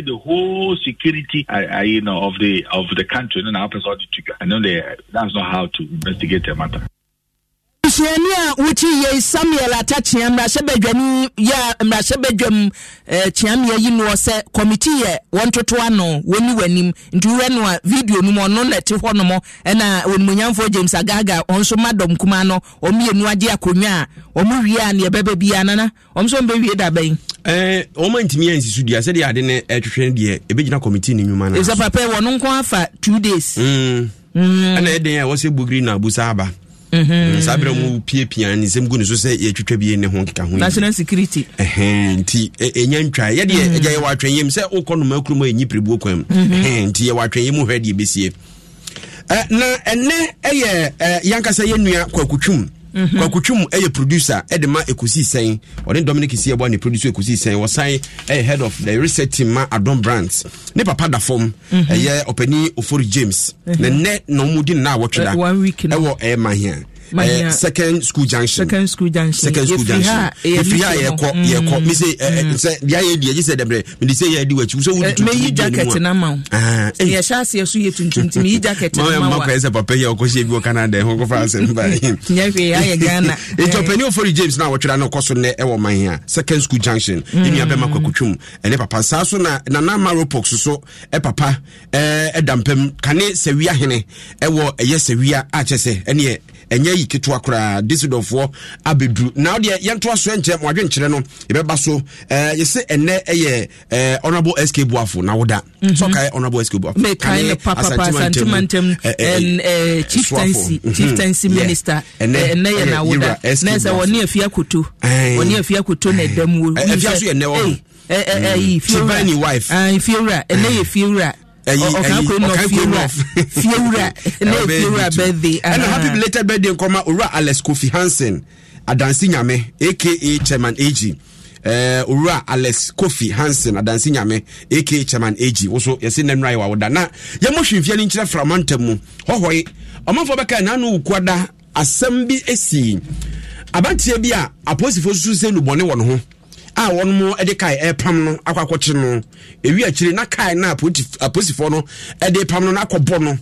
the whole security, you know, of the of the country, and our to trigger? and then that's not how to investigate the matter. suani a wokyi yɛ samuel atakyea mmarahyɛbadwani eh, yɛ mmarahyɛbadwam kyeameɛ yi noɔ sɛ kɔmiti yɛ wɔntoto ano wɔni w'anim nti wowɛ no a video no mu ɔno na ɛte hɔ nom ɛna onimunyamfoɔ james agaga ɔnso ma dɔm kuma no ɔmmienu agye akonnwa a ɔmo wie a neɛ bɛbɛ bia nana ɔm so mbɛwie da bɛn eh, ɔma ntumi yɛ nsisu deɛ sɛdeɛ ade no ɛtwehwɛ no deɛ ɛbɛgyina kɔmiti no nnwuma no ɛsɛ papa wɔno nko afa two days mm. Mm. ɛna ɛdɛn a wɔsɛ bogiri na abusa aba Mhm. saa berɛ mu piapia ne nsɛm gu ne so sɛ yɛtwitwa bie ne ho nkeka ho national security nti ɛnya e, e ntwa yɛdeɛ agya mhm. e yɛwɔ atwɛnyɛm sɛ wokɔ noma kurom a ɛnyi pirebuo kwan m mhm. nti yɛwɔ atwɛnyɛm hwɛ deɛ bɛsie na ɛnɛ ɛyɛ yɛnkasa yɛnnua kwakutwum Mm-hmm. kwakotwum eh, yɛ producer eh, de ma ɛkɔsi sɛn ɔne dominic siɛboa ne producer ɛkɔsi sɛn wɔsan yɛ eh, head of the research team ma adom brands ne papa da fam ɛyɛ ɔpani ofori james mm-hmm. na nnɛ na ɔmudi nna a wɔtwe da ɛwɔ ɛyɛ mahia Eh, uh, second school junction second school junction second school junction efi ha yɛkɔ yɛkɔ mm. mi se eh, eh, mm. sɛ deɛ ayɛ deɛ gye sɛ dɛbrɛ mi na ma o yɛ hyɛ aseɛ so yɛ tuntum ti meyi na ma wa maa mma kɔɛ papa yɛ ɔkɔ se ebi wɔ Canada ɛho kɔfa asɛm ba yi nyɛ hwee ayɛ ofori James na awɔtwera no kɔ so nɛ ɛwɔ second school junction enu abɛma kɔ kutwum ɛne papa saa so na nana maropox so ɛpapa ɛɛ ɛda mpɛm kane sɛwia hene ɛwɔ ɛyɛ sɛwia akyɛ sɛ ɛneɛ ɛnyɛ yi ketewa koraa desidɔfoɔ abɛduru na wodeɛ yɛntoa so ɛnkyerɛ moadwenkyerɛ no yɛbɛba so yɛsɛ ɛnɛ ɛyɛ honorable sk boafo na mhm. papa woda sɛ chief tansi chief tansi minister ɛnɛ yɛ nawoda sɛ wɔne afi akoto wɔne afi akoto na ɛda muo afia so yɛ nnɛ wɔ ho fiewura ɛnɛ yɛ fiewura happy belated birthday nkɔma owura alex kofi hansen adansi nyame aka chairman ag uh, owura alex kofi hansen adansi nyame aka chairman ag woso yɛse nnɛ nnura yɛ wawoda na yɛmɔ hwemfie no nkyerɛ frama ntam mu hɔhɔe ɔmanfoɔ bɛka naano wokuada asɛm bi asi abanteɛ bi a apolisifoɔ susu sɛ nubɔne wɔ no ho a wɔnom de kae ɛpam no akɔ akɔkye no ɛwi akyire na kae na apolisifoɔ no de pam no no akɔbɔ no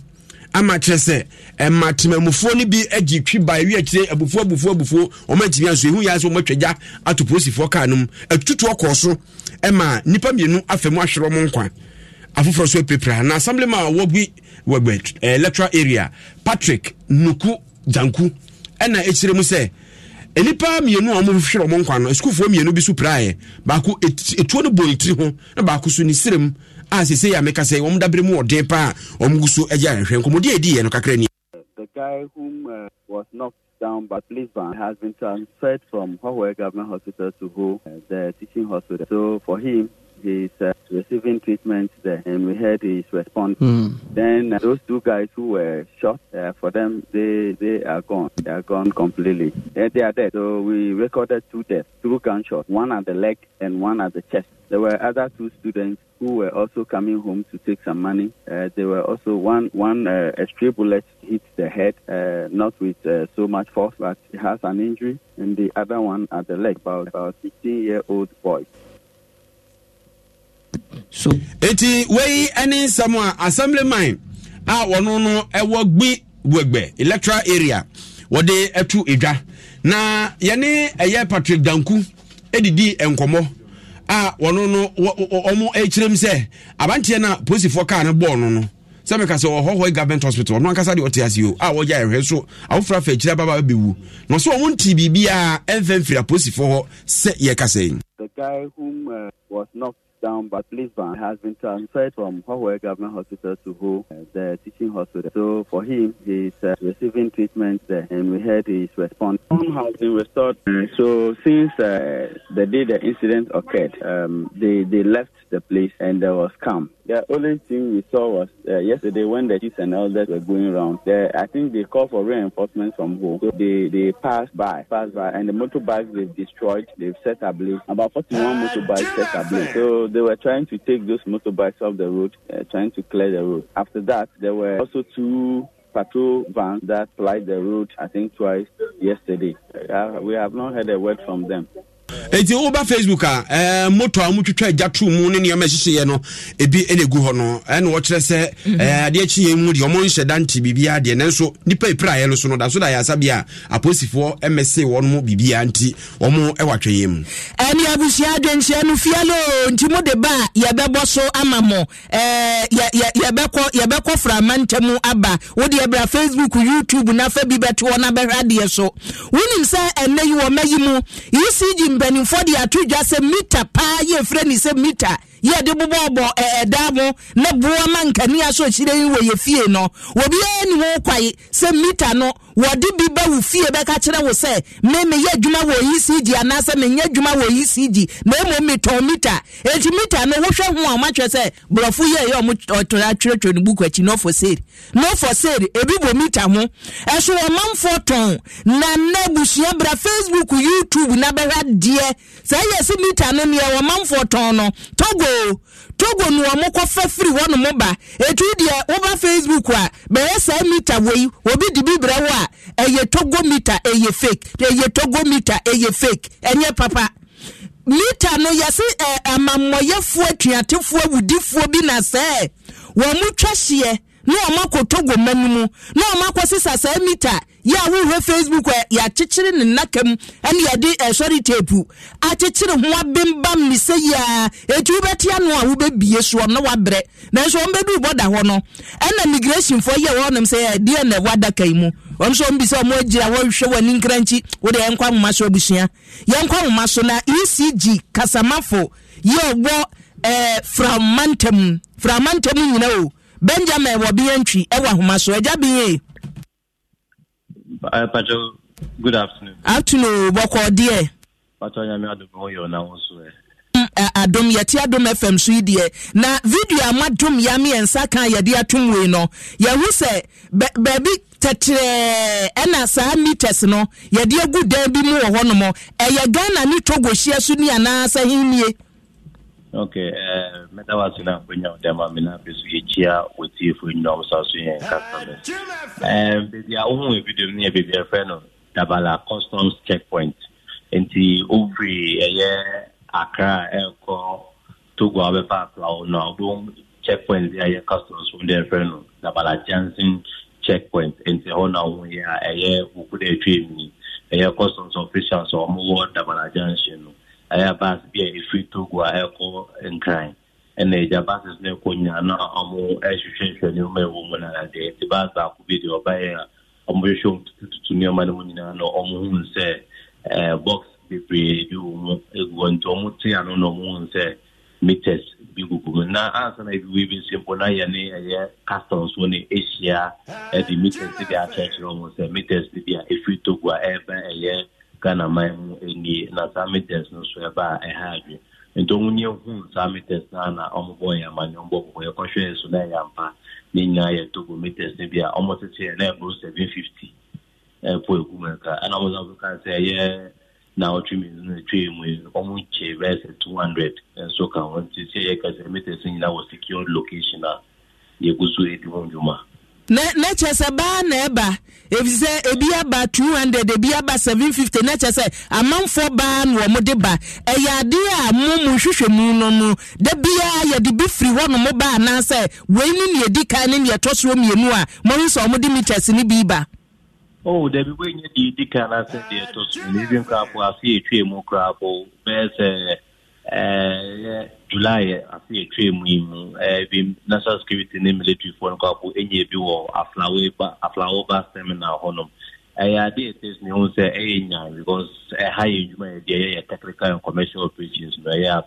ama kyerɛ sɛ ɛma temamufoɔ no bi agye twi ba ɛwi akyire abufuo abufuo abufuo wɔn atimi aso ehu yaa sɛ wɔn gya ato polisifoɔ kaa no mu atutuo kɔɔ so ɛma nnipa mmienu afɛ mu ahwerɛ wɔn nkwa afoforɔ so apirapira na assembly ma wɔbi wɔgbɛ electoral area patrick nuku janku ɛna ekyire mu sɛ nnipa mmienu a wɔhwehwere ɔmo nkwa no sukuufoɔ mmienu bi so piraeɛ baako etuo no bɔ ne tiri ho na baako so ne serem a sese yɛ ameka sɛ wɔn dabere mu ɔden paa wɔn gu so agya ahwehwɛ nkɔmɔdi a edi yɛ no kakra ni. Uh, the guy who uh, was knocked down by police van has been transferred from Hwawe Government Hospital to Ho, uh, the teaching hospital. So for him, he's uh, receiving treatment there, and we heard his response. Mm. Then uh, those two guys who were shot, uh, for them, they they are gone. They are gone completely. They, they are dead. So we recorded two deaths, two gunshots, one at the leg and one at the chest. There were other two students who were also coming home to take some money. Uh, there were also one one uh, a stray bullet hit the head, uh, not with uh, so much force, but he has an injury, and the other one at the leg, about about 16 year old boy. so eti wei ne nsɛm a assemblyman a wɔno no ɛwɔ gbi wɛgbɛ electoral area wɔde ɛtu edwa na yɛne ɛyɛ patrick danku edidi nkɔmɔ a wɔno no wɔn akyerɛm sɛ abanteɛ na polisifoɔ kaa ne bɔɔl no no sɛmi kasɛ wɔ hɔhɔ government hospital ɔno ankasa de ɔte ase o a wɔgya ɛhwɛ so awofra fɛ akyire ababa bɛwu na ɔsɛ wɔn ti biribiara ɛnfɛnfiri apolisifoɔ hɔ sɛ yɛ kasa yi. the guy whom uh, was knocked down, but police van has been transferred from Huawei Government Hospital to Ho, uh, the teaching hospital. So for him, he's uh, receiving treatment there, and we heard his response. Home has been restored. Uh, so since uh, the day the incident occurred, um, they, they left the place and there was calm. The only thing we saw was uh, yesterday when the chiefs and elders were going around. I think they called for reinforcements from home. So they, they passed by, passed by, and the motorbikes they've destroyed, they've set ablaze. About 41 ah, motorbikes set ablaze. So they were trying to take those motorbikes off the road, uh, trying to clear the road. After that, there were also two patrol vans that plied the road, I think twice yesterday. Uh, we have not heard a word from them. eti woba facebook a ɛɛ eh, moto a wɔtwitwa agya tu mu ne nneɛma ɛhyehyɛ no ebi ɛna egu hɔ no ɛna eh, wɔkyerɛ sɛ ɛɛ mhm. eh, adeɛ kyi yɛn mu deɛ wɔn nhyɛ dante biribiara deɛ nanso nipa epira yɛ no so no da so da yasa bi a apolisifoɔ ɛmɛse wɔn mu biribiara nti wɔn ɛwɔ atwa yɛn mu. ɛni abusua adwanhyia no fia loo nti mo de ba a yɛbɛbɔ so ama mo ɛɛ yɛ yɛ yɛbɛkɔ yɛbɛkɔ frama ntɛm aba wodi ɛbra facebook youtube nafa bi bɛto wɔn abɛhwɛ adeɛ so wɔnim sɛ ɛnɛ yi wɔn mɛyi mu ecg mp mpanimfoɔ de ato dwa sɛ mita paa yɛ fira ne sɛ mita yɛde bobɔɔbɔ ɛda mo na boa ma nkanea so akyire yi wɔ yɛ fie no obiara ne ho kwae sɛ mita no wɔde bi ba wo fie bɛka kyerɛ wo sɛ me meyɛ adwuma wɔ ecg anaasɛ menyɛ adwuma wɔ ecg na mmom metɔn mita enti mita no wohwɛ ho a ɔmatwerɛ sɛ borɔfo yɛ ɛyɛ ɔmo atwerɛtwerɛ no buku akyi no for sale no for sale ebi bɔ mita ho ɛso ɔmanfoɔ tɔn na nna busua bra facebook youtube na bɛhwɛ deɛ sɛ ɛyɛ sɛ mita no neɛ ɔmanfoɔ tɔn no togo togo no wɔn kɔfa firi hɔnom ba etu deɛ woba facebook a bɛyɛ saa mita wɔ yi obi di bi brɛ wɔ a ɛyɛ togo mita ɛyɛ fake ɛyɛ togo mita ɛyɛ fake ɛnyɛ papa mita no yɛsi ɛ amamɔyɛfoɔ atuatefoɔ awudifoɔ bi na sɛɛ wɔn twa hyeɛ na wɔn akɔ togo mɛnimu na wɔn akɔ sisa saa mita yɛ a wohwɛ facebook a yɛakyekyere ne nnaka mu ɛne yɛde ɛsɔre tape akyekyere ho abembam ne sɛ yia ɛti wobɛte ano a wobɛbie soɔ na wabrɛ nanso ɔmbɛduu bɔda hɔ no ɛna migrationfoɔ yɛ wɔnom sɛ ɛdeɛ na ɛwɔ adaka yi mu ɔm sɛ ɔmbisɛ ɔmo agyira wɔhwɛ w'ani nkrankyi wode yɛnkɔ ahoma so abusua yɛnkɔ ahoma so na ecg kasamafo yɛ ɔwɔ ɛɛ framantam framantam nyina o benjamin wɔ bi yɛntwi ɛwɔ ahoma so agya bi yɛ Uh, Pacho, good afternoon. Afternoon, bɔkɔ deɛ. Pacho nyame adum ho yɛ ɔna ho so ɛ. Adum yɛte adum FM so yi deɛ na video a ma dum ya mmiɛnsa kan yɛde atum wei no yɛho sɛ baabi tɛtrɛɛ ɛna saa meters no yɛde agu dan bi mu wɔ hɔnom ɛyɛ eh, Ghana ne Togo hyia so ni anaasɛ hin nie. Okay, uh, mẹ́ta wá sí náà pé yàn dẹ́mà mi náà fi sùn yé kíá òtí èfó yín náà sá sùn yẹn customers. Bèbí àwọn ìbídò ní ẹ̀bẹ̀bí ẹ̀fẹ́ nù Dabala customs checkpoint. Nti ovary ẹ̀yẹ Accra ẹ̀kọ́ Togo abẹ́fà àpàlà ọ̀nà ọ̀gbọ́n checkpoint bí ẹ̀yẹ customs fún dẹ̀ ẹ̀fẹ́ nù Dabala Jansen checkpoint. Nti ẹ̀họ́ náà wọ̀nyẹ ẹ̀yẹ òkúta ẹ̀twẹ̀ mi ẹ̀yẹ customs officials ọ̀mọ̀wọ́ la Jansen ɛyɛ bus bi a ɛfiri togo a ɛkɔ nkran ɛna ɛgya buses no ɛkɔ nyinaa na ɔmo ɛhwehwɛhwɛ nneɛma ɛwɔ mu na adeɛ nti bus baako bi deɛ ɔbaeɛ a ɔmohwehwɛ ɔmo tutututu nneɛma no mu nyinaa na ɔmo hu sɛ ɛɛ box bebree bi wɔ mu egu hɔ nti ɔmo te ano na ɔmo hu sɛ meters bi gugu mu na ansa na ebi wei bi nsi na yɛ ne ɛyɛ customs wo ne ehyia ɛde meters bi akyerɛkyerɛ ɔmo sɛ meters bi a efiri togo a ɛɛbɛn e ɛyɛ ghana man mu na saa meters ebe a ɛha adwe nti ɔmo hu saa meters na ɔmobɔ yɛ amane ɔmbɔ bɔbɔ yɛkɔhwɛɛ na ya ampa ne nyinaa yɛ togo meters no na ebu seven fifty ɛpo e, egu e, e mu ɛka na ɔtwe mmiri na ɛtwa emu nso ka a edi na kyerɛ sɛ baa na ɛba ɛfiri sɛ ebi aba two hundred ebi aba seven fifty na kyerɛ sɛ amanfoɔ baa na wɔn de ba ɛyɛ adeɛ a mo mo hwehwɛ mu no no da biara yɛde bi firi hɔ nom ba anaasɛ wei ne nea edi kan ne nea ɛtɔ so mmienu a mo nso wɔn de meters ni bi ba. o oh, dabi wo nye deɛ edi kan na sɛ deɛ ɛtɔ so na ebi nkura po etwa mu kura po bɛyɛ sɛ. july ase yɛtwa mu yi mu bi national security ne militaryfoɔ no kɔapo ɛnya bi wɔ aflawo ba seminar hɔnom ɛyɛ ade ɛtes ne ho sɛ ɛyɛ nyan because ɛha yɛ adwuma yɛ deɛ yɛyɛ technical and commercial operations no ɛyɛ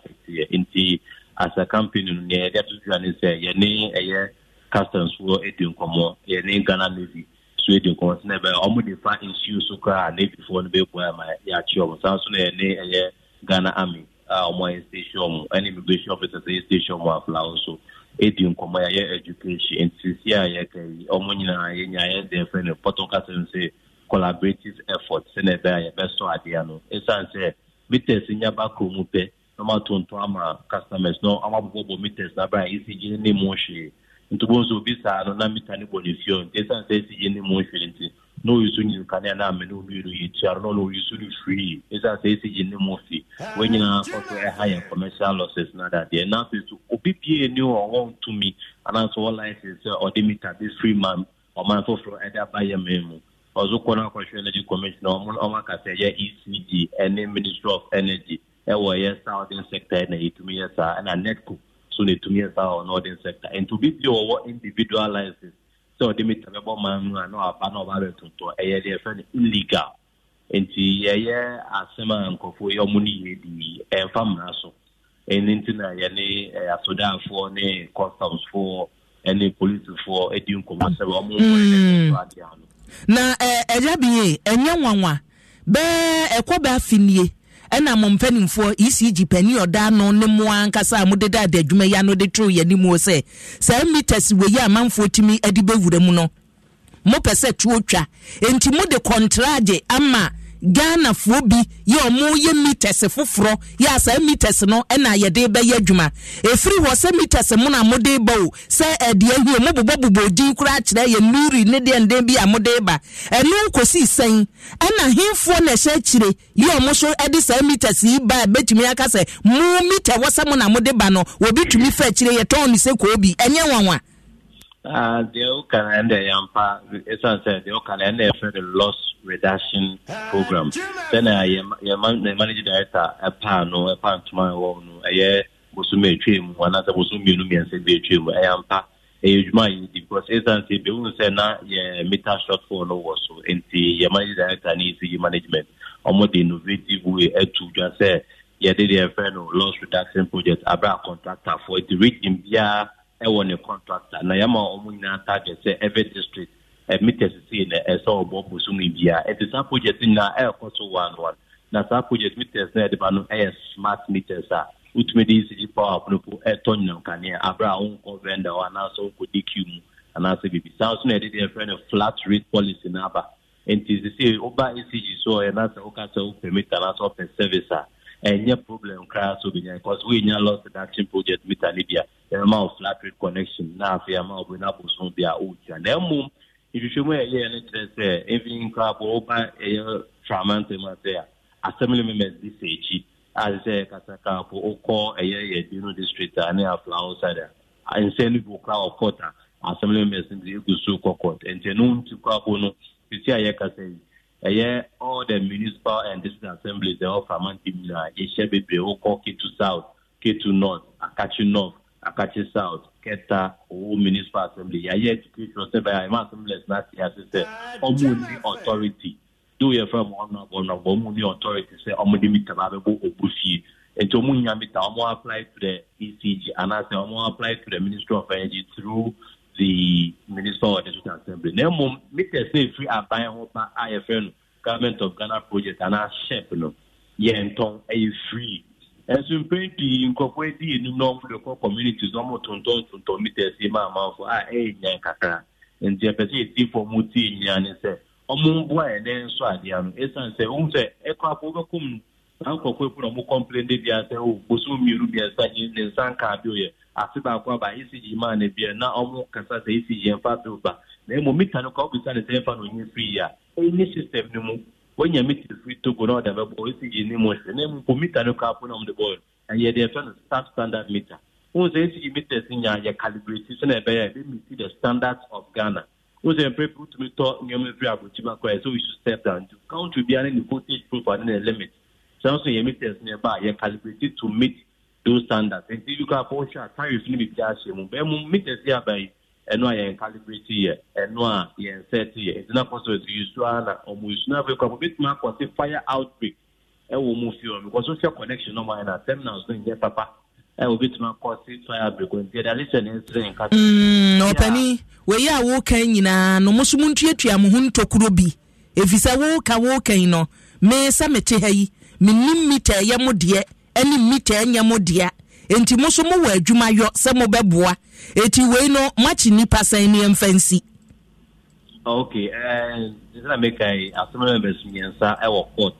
nti as a company no neɛ yɛde atodwa ne sɛ yɛne ɛyɛ customs foɔ di nkɔmmɔ yɛne ghana navy so di nkɔmmɔ sɛ ɛbɛyɛ ɔmo de fa nsuo so koraa no bɛboa ma yɛakye ɔmo saa nso yɛne ɛyɛ ghana army a wɔn ayɛ station mu ɛne immigration officers ayɛ station mu afla nso edi nkɔmɔ yɛayɛ education ntisi a yɛka yi wɔn nyinaa yɛnya yɛn deɛ fɛ no pɔtɔ kasa no sɛ collaborative effort sɛnɛ bɛ a yɛbɛsɔ adeɛ no esan sɛ meters nyaba kuro mu pɛ na wɔn atonto ama customers na wɔn abobɔbɔ meters n'abɛn a ecg ne mu hwee ntobo nso obi saa no na mita ne bɔ ne fio e nti esan sɛ ecg ne mu hwee nti n'oyisu ɲininkani n'a mɛnɛ olu yɛrɛ ye ciyarɔ n'olu oyisu ni firi ye esan se esi jeni mu fi o nyinaa kɔtɔ ɛha yɛ commercial losses na da deɛ n'a fɛ so obi pie ni ɔwɔ ntumi anaasɛ ɔwɔ license ɔde mi ta bi free man ɔman foforɔ ɛde aba yɛ mɛn mu ɔso kɔ n'akɔhwɛ energy commissioner ɔmo ɔmo akasɛ yɛ ecd ɛne ministry of energy ɛwɔ yɛ southern sector ɛna etumi yɛ saa ɛna netco so na etumi yɛ saa wɔ northern sector ntobi bi ɔwɔ individual sɛ ɔde mi tɛmɛ bɔ man mu a na ɔaba na ɔba bɛ tontɔ ɛyɛ deɛ fɛn no illegal nti yɛyɛ asɛm a nkɔfoɔ yɛ ɔmo ne yɛ di ɛnfa mmara so ɛne nti na yɛne asodaafoɔ ne customs ɛne polisifoɔ edi nkɔmɔ sɛ ɔmo wɔn ɛna ɛdi ano. na ɛɛ ɛyɛ bi yie ɛnyɛ nwanwa bɛɛ ɛkɔ bɛ afi nie ɛna mo mpanimfoɔ ecg pani ɔda ano ne mo ankasa a mo deda adwuma yi ano de toro yɛ nimu sɛ saa meters wei a amanfoɔ tumi de bɛwura mu no mo pɛ sɛ tuo twa nti mo de kɔntraagye ama ghanafoɔ bi yɛ ɔmo yɛ meters foforɔ yɛ asa meters no ɛna yɛde bɛyɛ adwuma efiri hɔ sɛ meters mu na mode ba o sɛ ɛdeɛ hu mo bobɔbobɔ din koraa kyerɛ yɛ nuri ne deɛ nden bi a mode ba ɛno nkosi sɛn ɛna hemfoɔ na ɛhyɛ akyire yɛ ɔmo so ɛde saa meters yi ba bɛtumi aka sɛ mo meter wɔ mo na mode ba no obi tumi fa akyire yɛtɔn ne sɛ kɔɔ bi ɛnyɛ nwanwa Uh, deɛ ɔka na ɛnna ɛyɛ ampa ɛsan sɛ deɛ ɔka na ɛnna yɛfrɛ loss reduction program Then I, uh, yɛ the managing director ɛpa no ɛpa ntoma ɛwɔ no ɛyɛ bosome etwa mu anaasɛ bosome mmienu mmiɛnsa bi etwa mu ɛyɛ ampa ɛyɛ edwuma a yɛdi because ɛsan sɛ ebi ehun sɛ na yɛ meter shortfall no wɔ so nti yɛ managing director needs the management I'm de innovative way ɛtu dwa sɛ yɛde deɛ ɛfrɛ no loss reduction project a contractor for it. ɛdi region biara ɛwɔ ne contractor na yɛma wɔn nyinaa target sɛ every district meters sei na ɛsɛ ɔbɔ bosom biara ɛte saa project nyinaa eh, ɛrekɔ so one one na saa project meters eh, eh, na yɛde ba no ɛyɛ smart meters a wotumi de ecg power aponopo ɛtɔ nyinam kanea abere a wonkɔ vendor hɔ anaasɛ wonkɔ dq mu anaasɛ bibi. saa nso na yɛde deɛ yɛfrɛ no flat rate policy naba aba nti sisi woba ecg so ɔyɛ na sɛ woka sɛ wopɛ meter anaasɛ wopɛ service a ɛnyɛ problem koraa so bɛnya because woɛnya loss production project meter no bi ɛma wo flat rate connection na afei ama wobɛ no abosom bi a wotua na mmom nhwehwɛmu a ɛyɛɛ no kyerɛ sɛ even koraa bɔ woba ɛyɛ tramantam a sɛ assembly members de sɛ akyi ase sɛ kasakapo wokɔ ɛyɛ yɛ dino district a ne aflawo side a nsɛ no bi wo koraa wɔ court a assembly members no de ɛgu so kɔ court ɛnti ɛno nti bo no sisi a yɛka sɛ ɛyɛ all the municipal and district assemblies ɛwɔ framanti nyinaa yɛhyɛ bebree wokɔ ketu south ketu north akakye north akakye south kɛta owó municipal assembly yɛayɛ education sɛ bɛyɛ ɛma assemblies n'ate ase sɛ ɔmo ni authority do yɛ fɛ mo ɔno abɔ ɔno abɔ ɔmo ni authority sɛ ɔmo de mi taba abɛbɔ obu fie nti ɔmo nya mi ta ɔmo apply to the ecg anaasɛ ɔmo apply to the ministry of energy through the municipal or district assembly na mmom meters na efiri aban ho ba a no government of ghana project anaa shep no yɛntɔn ɛyɛ free ɛnso mpɛn pii nkurɔfoɔ adi anim na ɔmo de kɔ communities na ɔmo tontɔn tontɔn meters yi ma amanfo a ɛyɛ nyan kakra nti ɛpɛ sɛ yɛti fɔ ɔmo ti nyan ne sɛ ɔmo mboa yɛ dɛ nso adeɛ no esan sɛ ohun sɛ ɛkɔ akɔ ɔbɛkɔ mu saa nkurɔfoɔ efu na ɔmo complain de bi asɛ o oh, bosom mmienu bi ɛsa yi ne nsa nkaa bi o yɛ ase baako aba ecg maa ne bia na ɔmo kasa sɛ ecg mfa so ba na emu mita no kɔ ɔbisa ne sɛ ɛfa na onye firi yia eyi system ni mu wonya mita firi togo na ɔda bɛbɔ ecg ne mu ɛsɛ na emu po mita no kɔ apo na ɔmo de bɔɔl ɛyɛ deɛ ɛfɛ no sub standard mita wọn sɛ ecg meters nya yɛ calibrate sɛnɛ ɛbɛyɛ ɛbɛ miti the standards of ghana wọn sɛ mpere pere tumi tɔ nneɛma firi abotuma kɔ ɛsɛ we should step down to country biara ne ne voltage profile ne ne limit sanso yɛ meters ne ba yɛ calibrate to meet those standards nti yi kɔ a bɔnhyɛ a tayɛ fi no biribi ahyɛ mu bɛn mu mita si aba yi ɛno a yɛn calibrate yɛ ɛno a yɛn set yɛ ntina kɔsɔ ɛsi yusu a na ɔmo yusu na afei kɔ a bɛtumi akɔsi fire outbreak ɛwɔ mu fi ɔmo kɔsɔ fia connection ɔmo ayɛ na terminals no nyɛ papa ɛwɔ bɛtumi akɔsi fire outbreak nti ɛdi alisa ne nsere nka. ɔpɛni wɔyi a wɔɔka nyinaa mm, no mo so mo ntuatua mo ho ntokuro bi efisɛ wɔɔka wɔɔka yi no mmeesa mete ha yi menim mita ɛyɛ mo ne mita ɛnyɛ mo dea nti mo nso mowɔ adwuma sɛ mobɛboa ɛti wei no moakye nnipa sɛn ne ɛmfa nsi ok eh, na mekae asɛm no mabɛsommiɛnsa ɛwɔ court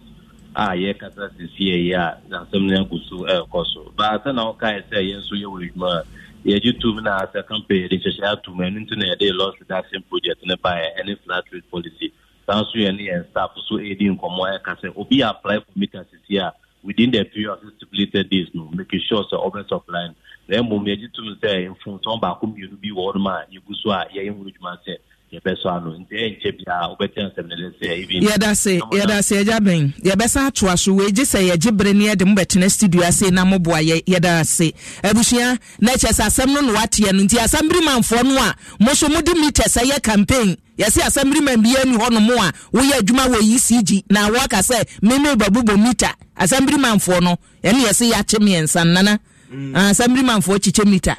a yɛkasa sesieyi a asɛm no akɔ so ɛkɔ eh, so baa sɛ na wokae sɛ yɛ nso yɛwɔ adwuma a yɛgye tom na sɛ campaign de nhyehyɛ atom ɛno nti na yɛde loss reduction project no baɛ ɛne flat rate policy saa nso yɛne yɛn staff so ɛdi nkɔmmɔ ɛka sɛ obi apply for meter sisi a within the period of stipulated days no making sure sɛ ɔbɛ supply no na mmom yɛgye tom sɛ mfomtɔn baako mmienu bi wɔ hɔ ma yɛgu so a yɛyɛ ho adwuma sɛ yɛbɛsɔ ano nti ɛnkyɛ biara wobɛte asɛm no lɛ sɛ yɛda se yɛda se yɛgya bɛn yɛbɛsa atoa so wei gye sɛ yɛgye bere ne yɛde mobɛtena studio ase na moboa yɛ yɛda se abusua na ɛkyɛ sɛ asɛm no na ah, wateɛ no nti asɛm bere manfoɔ no a mo so mode metɛ sɛ yɛ campaign Yasi asɛmiri mɛmbiya ni hɔnom a woyɛ adwuma wɔ ecg na wɔaka sɛ mímí babubɔ mita asɛmiri manfoɔ no ɛni yɛsi yɛakye mmiɛnsa nana asɛmiri manfoɔ kyikyɛ mita.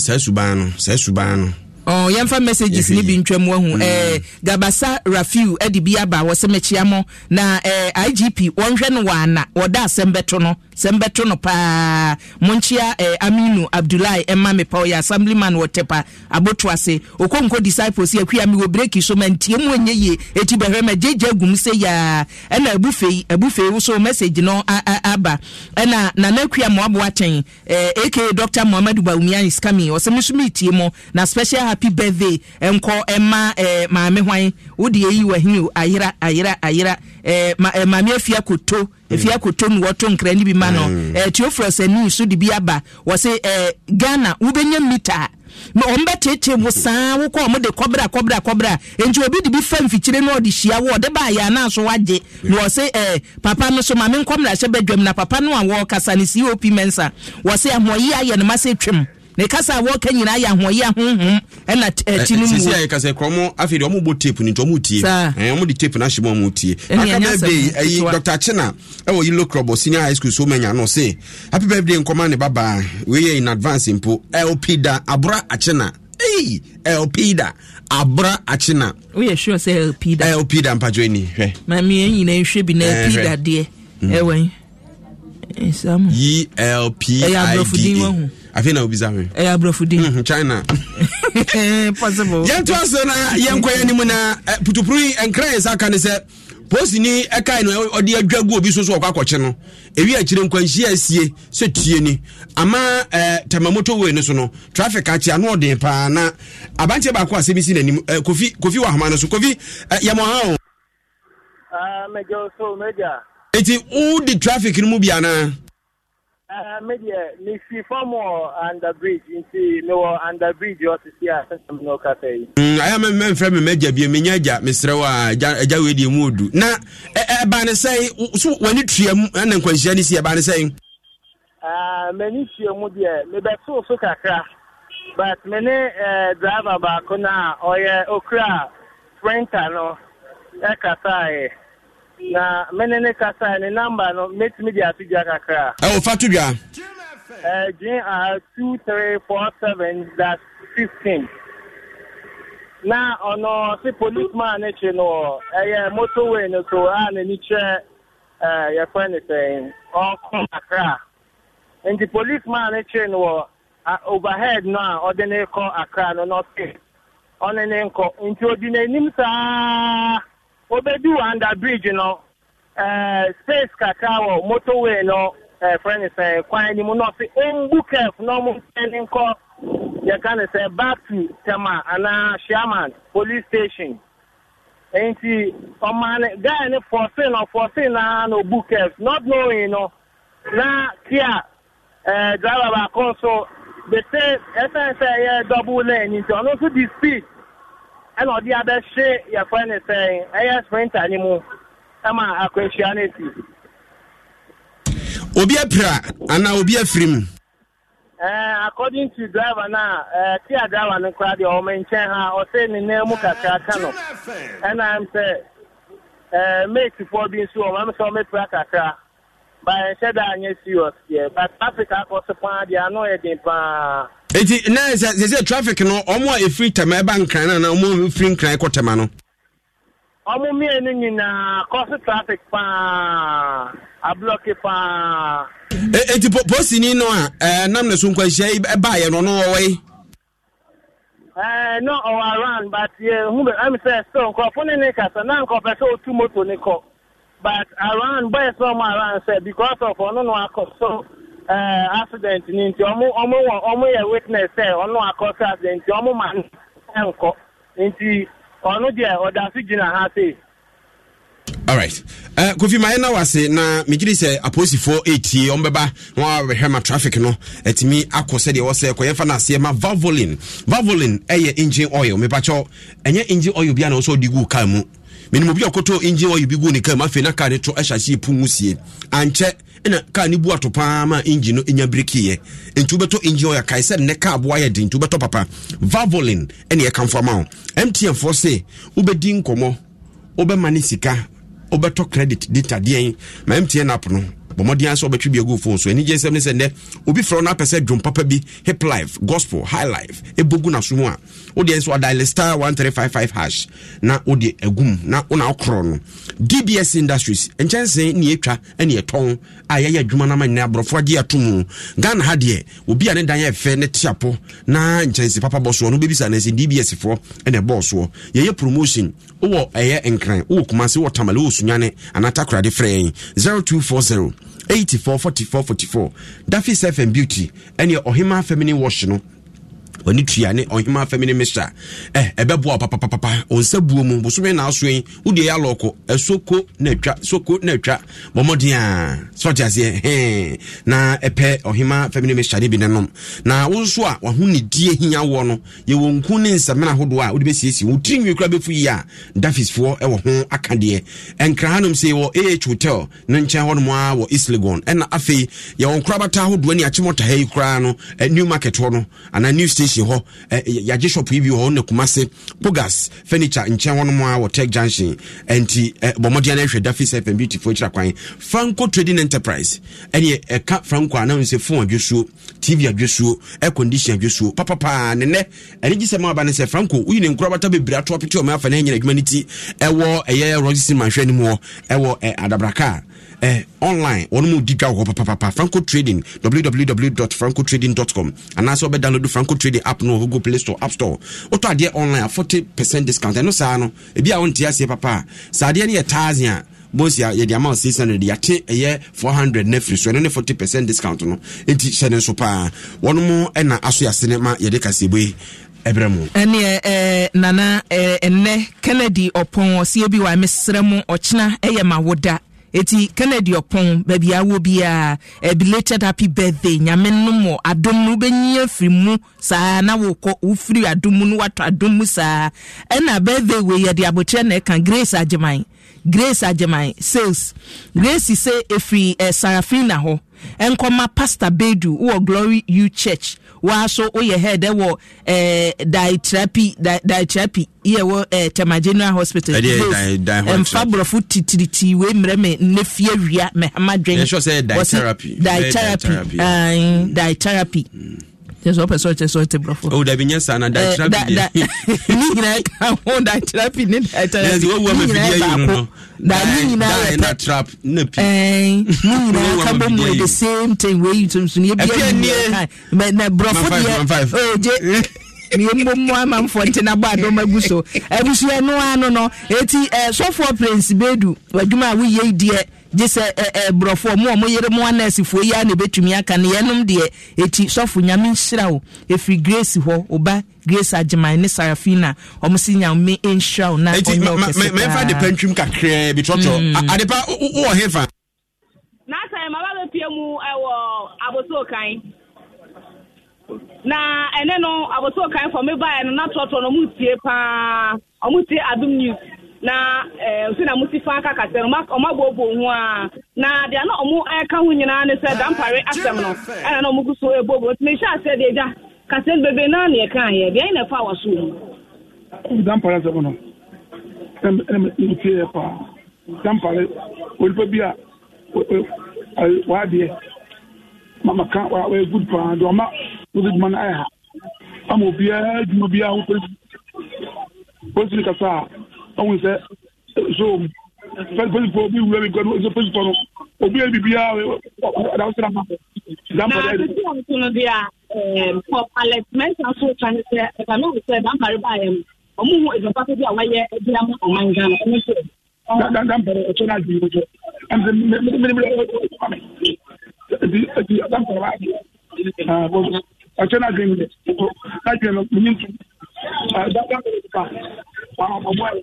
saa suban no saa suban no. Oh, yɛmfa messages ne bi ntwam wahu mm. eh, gabasa rafiu eh, de bi aba wɔ sɛ mekyia mɔ na eh, igp wɔnhwɛ no wɔ ana wɔda asɛm bɛto no sɛ mbɛto no paa monkyia eh, aminu abdullahi ɛma mepa ɔyɛ assemblyman wɔ tepa aboto ase okonko disciples yɛ akua mewɔ breki so mantie mu ɛnyɛ yie ɛti bɛhwɛ ma gyegya gum sɛ yaa ɛna abufei abufei so message no aba ɛna nana akua mmoaboa kyɛn eh, aka dr mohamad bawumiani skami ɔsɛ me so metie mu na special happy birthday ɛnkɔ ɛma eh, maame hwan wode yi wahini ayera ayera ayera eh, ma, eh, maame afia koto afia mm. koto mu wɔto nkra no bi ma no mm. eh, teofrus ani so de bi aba wɔ se eh, ghana wobɛnya mita ɔmbɛtiatia mu saa wokɔ ɔmo de kɔbra kɔbra kɔbra nti obi de bi fa mfikyire na ɔde hyia wɔ ɔde baa yɛn anaso wagye mm. na ɔse eh, papa no so maame nkɔm na ahyɛ bɛdwam na papa no a wɔkasa ne cop mensa wɔse ahoɔyi ayɛ no ma se twam. mekasa a wɔka nyinaa yɛ ahoɔyɛ ahohom ɛna eh, akyi eh, no muɛ kasa korɔ m afei deɛ ɔmobɔ tape no nti ɔmotie eh, ɔmode tape no ahye mu ɔmotie akaba bei ayi dr chena ɛwɔ yilo crɔbɔ senior high school so manya se happy birthday nkɔma ne baba, weyɛ in advance mpo lp da abora achena Hey, LP da abra achina. Woyɛ sure sɛ LP da. LP da mpatwa ni hwɛ. Maame yɛn nyinaa ehwɛ bi na LP da deɛ ɛwɔ yi elpie eh, afei e. eh, eh, mm-hmm, na obisa me ɛyɛ aborɔfodin china possible yɛntoa so na yɛnkɔyɛ anim na putupuru ɛnkra yɛ sa ka ne sɛ posini ɛkae no ɔde adwa gu obi so so ɔkɔ akɔkye no ɛwi akyire nkwanhyia asie sɛ tie ni ama tamamoto wei no so no traffic akyea na ɔden paa na abanteɛ baako asɛm si n'anim kofi wɔ ahoma no so kofi yɛmɔ ha o eti wodi traffic uh, no mu bi anaa medeɛ mefi fam wɔ underbridge nti mewɔ underbridge ɔsisi a sɛsɛm no kasa yi ayɛ mɛmfrɛ me magya bie menya agya meserɛ w a agya wedeɛ mu ɔdu na ɛba ne sɛe so w'ani tua mu ɛna nkwanhyia no si ɛba ne sɛe m'ani tua mu deɛ mebɛtoo so kakra but me ne uh, driver baako no a ɔyɛ ɔkura sprinter no ɛkasaeɛ eh, eh. na mene ne kasa ne namba no metumi de ato dwa kakra ɛwɔ fa a. dwa gyen a uh, two three four seven dash fifteen na ɔno se policeman ne kye no ɛyɛ motorway no so a n'ani kyerɛ yɛfrɛ ne sɛn ɔko akra nti policeman ne kye no overhead no a ɔde ne kɔ akra no na ɔse ɔne ne nkɔ nti odi n'anim saa obedu under bridge no uh, eh, space kakra wɔ motorway no uh, eh, friend is uh, kwan no mu na ɔsi embu kef na ɔmo ntɛni nkɔ yɛka ne sɛ back to tema anaa shaman police station nti ɔmaane oh, guy ne fɔse na fɔse na na obu kef not knowing no na kia uh, driver baako nso bete ɛsɛn sɛ ɛyɛ double lane nti ɔno nso di speed. ɛna ɔde abɛhye yɛfrɛ ne sɛn ɛyɛ sprinter ne mu ɛma akwahyia no si obi apira anaa obi afiri mu eh, according to driver na eh, tia driver no koraa deɛ ɔmo nkyɛn ha ɔsɛ ne nan mu kakra ka no ɛna m sɛ uh, eh, matefoɔ bi nso ɔmo sɛ ɔmɛpira kakra ba anyɛ serious deɛ but africa akɔ so paa deɛ ano yɛ den eti na sese traffic no ɔmo a efiri tɛmɛ ɛba nkran na na ɔmo efiri nkran kɔ tɛmɛ no. ɔmo mmienu no nyinaa kɔsi traffic paa ablɔki paa. eti posini no a ɛɛ eh, nam ne so nkwanhyia ɛbaayɛ eh, no ɔno ɔwɔ yi. ɛɛ eh, na ɔwɔ around but yɛ hu bɛ ɛmi sɛ so nkɔfo ne ne kasa na nkɔfɛ sɛ otu moto ne kɔ but around bɔyɛ sɛ ɔmo around sɛ because of ɔno no akɔ so. Eh, e, accident nti ọmụ ọmụ wọn ọmụ yɛ witness sɛ ọnụ akɔsɛ accident nti ọmụ eh, ma nkọ nti ɔno deɛ ɔdaso gyina ha alright uh, kofi na wase na megyere na wabɛhwɛ ma traffic no atumi akɔ sɛdeɛ ɛwɔ sɛ kɔyɛfa no aseɛ ma e ɛna car ne bu ato paa ma engine no ɛnya brekiiɛ nti wobɛtɔ engine oil kae sɛ nnɛ car boa yɛ de nti wobɛtɔ papa vavolin ɛne ɛkamfo ama wo mtmfoɔ se wobɛdi nkɔmmɔ wobɛma ne sika wobɛtɔ credit ditadeɛn ma mtn app no bɔmmɔden sɛ wobɛtwe bi agu phone so ani gye nsɛm ne sɛ nnɛ obi frɛ no apɛ dwom papa bi hip life gospel high life ɛbɔgu naso mu a wodeɛ nso wadile star five hash na wode egum na wona wokorɔ no dbs industries nkyɛnsee ne ɛtwa ne ɛtɔn a yɛyɛ adwuma no ma nyina aborɔfoɔ agye ato mu ghana ha deɛ obi a ne dan ɛfɛ ne teapɔ na nkyɛnse papa bɔ soɔ no wobɛbisa no sɛ dbs foɔ ne ɛbɔɔ soɔ yɛyɛ promotion wowɔ ɛyɛ nkran wowɔ kumase wɔ tamale wɔ sunyane anaa takorade frɛ 0240 84 44 44 dafis fm beauty ɛneɛ ɔhema feminine wash no ɔne tua ne ɔhema afɛmi mesa ɛ ɛbɛboa ɔnsa buo mu bosome na yi wodeɛ yɛ alɔɔkɔ ɛsoko na atwa soko na atwa bɔmmɔden a na ɛpɛ ɔhema mesa bi ne nom na wo nso a waho hia woɔ no yɛwɔ nku ne ahodoɔ a wode bɛsiesie wo tiri nwi kora bɛfu yi a dafisfoɔ ɛwɔ ho aka deɛ ɛnkra hanom sɛ yɛwɔ ah hotel no nkyɛn a wɔ islegon ɛna afei yɛwɔ station hɔ yɛagye shop yi bi wɔ ne kuma se pogas furniture nkyɛn hɔnom a wɔ tech junction ɛnti bɔ mmɔden no ahwɛ dafi beauty foɔ kyerɛ kwan franco trading enterprise ɛneɛ ɛka franco a na sɛ phone adwosuo tv adwosuo air condition adwosuo papapaa ne nɛ ɛne gye sɛ ma aba ne sɛ franco woyi ne nkorabata bebree ato apete ɔma afa ne anyina adwuma no ti ɛwɔ ɛyɛ rogesin manhwɛ no mu hɔ ɛwɔ adabraka eh, online wɔn mu di dwa wɔ papapapa franco trading www.francotrading.com anaasɛ wɔbɛ download franco trading app no google play store app store wotɔ adeɛ online a forty percent discount ɛno saa no ebi a wɔnte aseɛ papa saa adeɛ no yɛ taazin a bonsi a yɛde ama six hundred yɛate ɛyɛ four hundred na firi so ɛno ne forty percent discount no eti hyɛ ne nso paa wɔn mu ɛna aso yɛ sinima yɛde kasebo yi ɛbrɛ eh, nana ɛnɛ eh, kennedy ɔpɔn ɔseɛ bi wa mesrɛ mu ɔkyena ɛyɛ eh, ma woda Eti kennedy ɔpon baabi awɔ biaa uh, belated happy birthday nyame nom wɔ adom no mu saa na wokɔ wofiri adom mu no woatɔ adom mu saa ɛna birthday wei yɛde abɔkyerɛ na ɛka grace agyeman grace agyeman sales grace sɛ ɛfiri uh, eh, sarafina hɔ ɛnkɔma pastor bedu wowɔ glory u church waa so woyɛ head wɔ eh, dietherapy dietherapy yɛ wɔ eh, tema general hospital mfa borɔfo titiritii wei mmerɛ me nne fie awia mehama dwen dietherapy dietherapy dietherapy yɛ sɛ ɔpɛ sɛ ɔkyɛ sɛ ɔte borɔfo o dabi nyɛ saa na dakyera bi deɛ ne nyinaa ka ho dakyera bi ne dakyera bi ne nyinaa yɛ baako da ne nyinaa yɛ pɛ ne nyinaa ka bɔ mu the same thing wei tuntum yɛ bi yɛ mu yɛ kan na borɔfo deɛ ɔgye miembomu amanfoɔ nti nabɔ adɔm agu so abusua no ano no ɛti sɔfoɔ prince bedu adwuma a woyɛ deɛ gye sɛ ɔmo ɔmo yere mo anɛɛsifoɔ yi a na ebetumi aka no yɛnom deɛ ekyi sɔfo nyame nhyira wo efiri grace hɔ ɔba grace agyeman ne sarafina ɔmo si nyame nhyira wo na ɔnyɛ ɔkɛse paa eti mɛmfa kakraa bi tɔtɔ mm. adepa wɔ maba bɛ mu ɛwɔ kan na ɛne no kan fɔ mi ba yɛ no na tɔtɔ na ɔmo tie paa ɔmo tie adum news. na eh, si na mụsife aka kasịrị ọmagbo bụ onwe a na dịa na ọmụ aka eh, hụ nọ eh, na ɔmugu so ɛbu obu ntumi hyɛ aseɛ deɛ gya kasɛm bebree na yɛka yɛ deɛ ɛna ɛfa awaso mu. dampare asɛm no ya ntie yɛ paa bi a mama ka ha ama polisi polisi kasa a ɔhun sɛ so pɛsipɔ obi wura mi kɔni so pɛsipɔ no obi yɛ bibi aa ɔdaw sira ma example dɛ. na tuntun tuntun no bi a for palette mɛnsa so kan sɛ ɛka n'o sɛ dampare ba yɛ mu ɔmu hu ɛdɔba ko bi a wɔyɛ ɛdira mu ɔman gan ɔmu sɛ. dampare ɔtɔ n'a jigin ɔtɔ ɛnti mbili mbili ɛti ɛti dampare b'a di aa bɔn ɔtɔ n'a jigin ɔtɔ n'a jigin ɔtɔ mu ni tu aa dampare b'a di ka aa ɔbɔ yɛ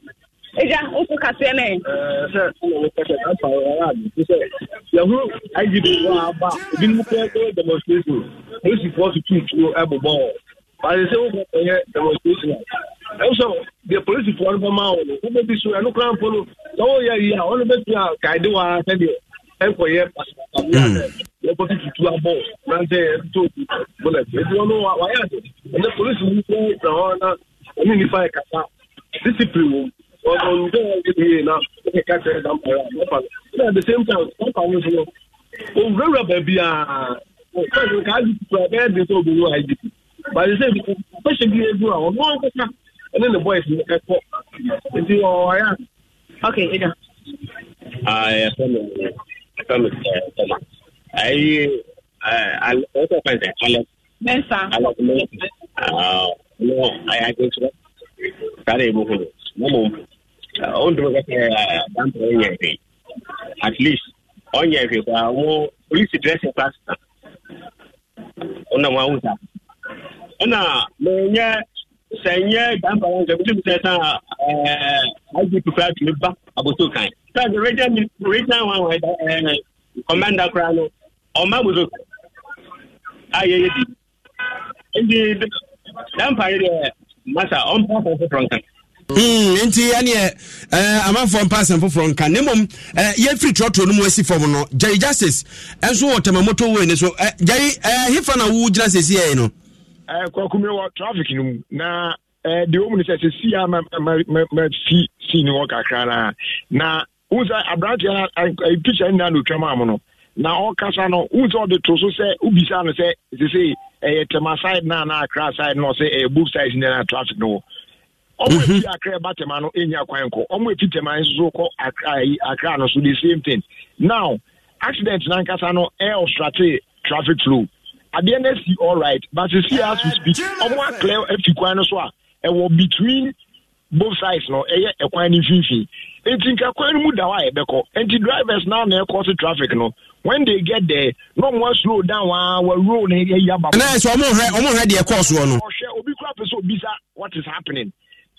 ɛgya wofo kaseɛ ne sɛ ɛfa ɛraade sɛ yɛho agyidefo aba ebinom kɔɛkɔyɛ demonstration polisifoɔ so tutuo ɛbobɔ wɔ bade sɛ wobɛyɛ demonstration a ɛwosɛ deɛ polisifoɔ no bɛma wo no wobɛbi so ɛno kora mpo no sɛ woyɛ yi a ɔno bɛtu a kaede wɔ a sɛdeɛ ɛnkɔyɛ yɛkɔto tutu abɔ nansɛ ɛtotɔ bullet ɛti ɔno wayɛ ade ɛnɛ polisi mu na hɔ na ɔne nnipa yɛ kasa discipline wɔ mu ọmọ nǹkan yìí na ó kẹ̀kẹ́ tẹ̀ dá mọ̀ ẹ̀ lọ́pàá ní at the same time lọ́pàá ní fún ọ òwúrọ̀ bẹ̀bí à ọ̀sẹ̀ nǹkan àjì tuntun ẹ̀ bẹ́ẹ̀ dín tó obìnrin wà jì by the same time ó ṣe bí egu àwọn ọmọ ọ̀kọ̀ọ̀kan ẹni ní boys ní ẹ̀kọ́ ètí ọ̀ọ́yà. ok ẹja. ẹ fẹ́mi ẹ fẹ́mi ẹ fẹ́mi ẹ yí ẹ ẹ sọ fẹ́ sẹ́ alẹ́. mẹ́sà. alẹ́ mẹ́sà. ọ̀ọ́ ayé ajé sọ. sáré ibùkún mọ́mọ́. ɔntumi uh, at least ɔnyɛ hwee koraa wɔn polisi dress class na ɔna wɔn ahu sa ɛna mɛnyɛ sɛ nyɛ dampa wɔn sɛ eh i san prefer to live tumi ba aboso the region region one one ɛɛ commander koraa no ɔma aboso kan a di masa Hmm, nti ɛneɛ eh, amanfoɔ mpa asɛm foforɔ nka na mmom eh, yɛmfiri trɔtrɔ no mu asi fam no gyai justice ɛnso wɔ tamamoto wei ne so gyai eh, hefa na wo gyina sɛsi ɛi no kwakumi wɔ traffic no mu na deɛ ɔmu no sɛ sɛsi a mafi trafik ne na kakra no a na wohu sɛ aberanteɛ no pikya no nyinaa na ɔtwam a no na ɔkasa no wohu sɛ ɔde to so sɛ wobisa no sɛ sɛsei ɛyɛ tɛma side no anaa akra side no ɔsɛ ɛyɛ both sides nyinaa traffic no wɔ ɔmo efi akra ɛba tɛma no enya kwan kɔ ɔmo efi tɛma nso kɔ akra yi akra no so the same thing now accident nankasa no ɛyɛ ɔstrate traffic flow adeɛ no si all right but see as we speak ɔmo akra efi kwan no so a ɛwɔ between both sides no ɛyɛ ɛkwan no mfimfini nti nka kwan no mu da hɔ a yɛbɛkɔ nti drivers now na ɛkɔ so traffic no when they get there no more slow down wa wa roll na yɛ yaba. ɛnna ɛsɛ ɔmo hɛ ɔmo hɛ what is happening.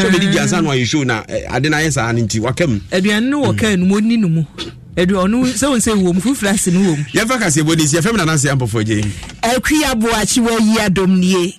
sɛ bɛdi di eh. ansa no ayɛ show na eh, ade no ayɛ saa no nti waka mu aduane no wɔ kaa mm. no mu ɔni no mu aduane sɛ wɔn wɔm fufura ase no wɔm yɛmfa kaseɛ bɔ ne si yɛfɛ mu nanaseɛ ampɔfoɔ gye akwi aboakye wɔayi adɔm nie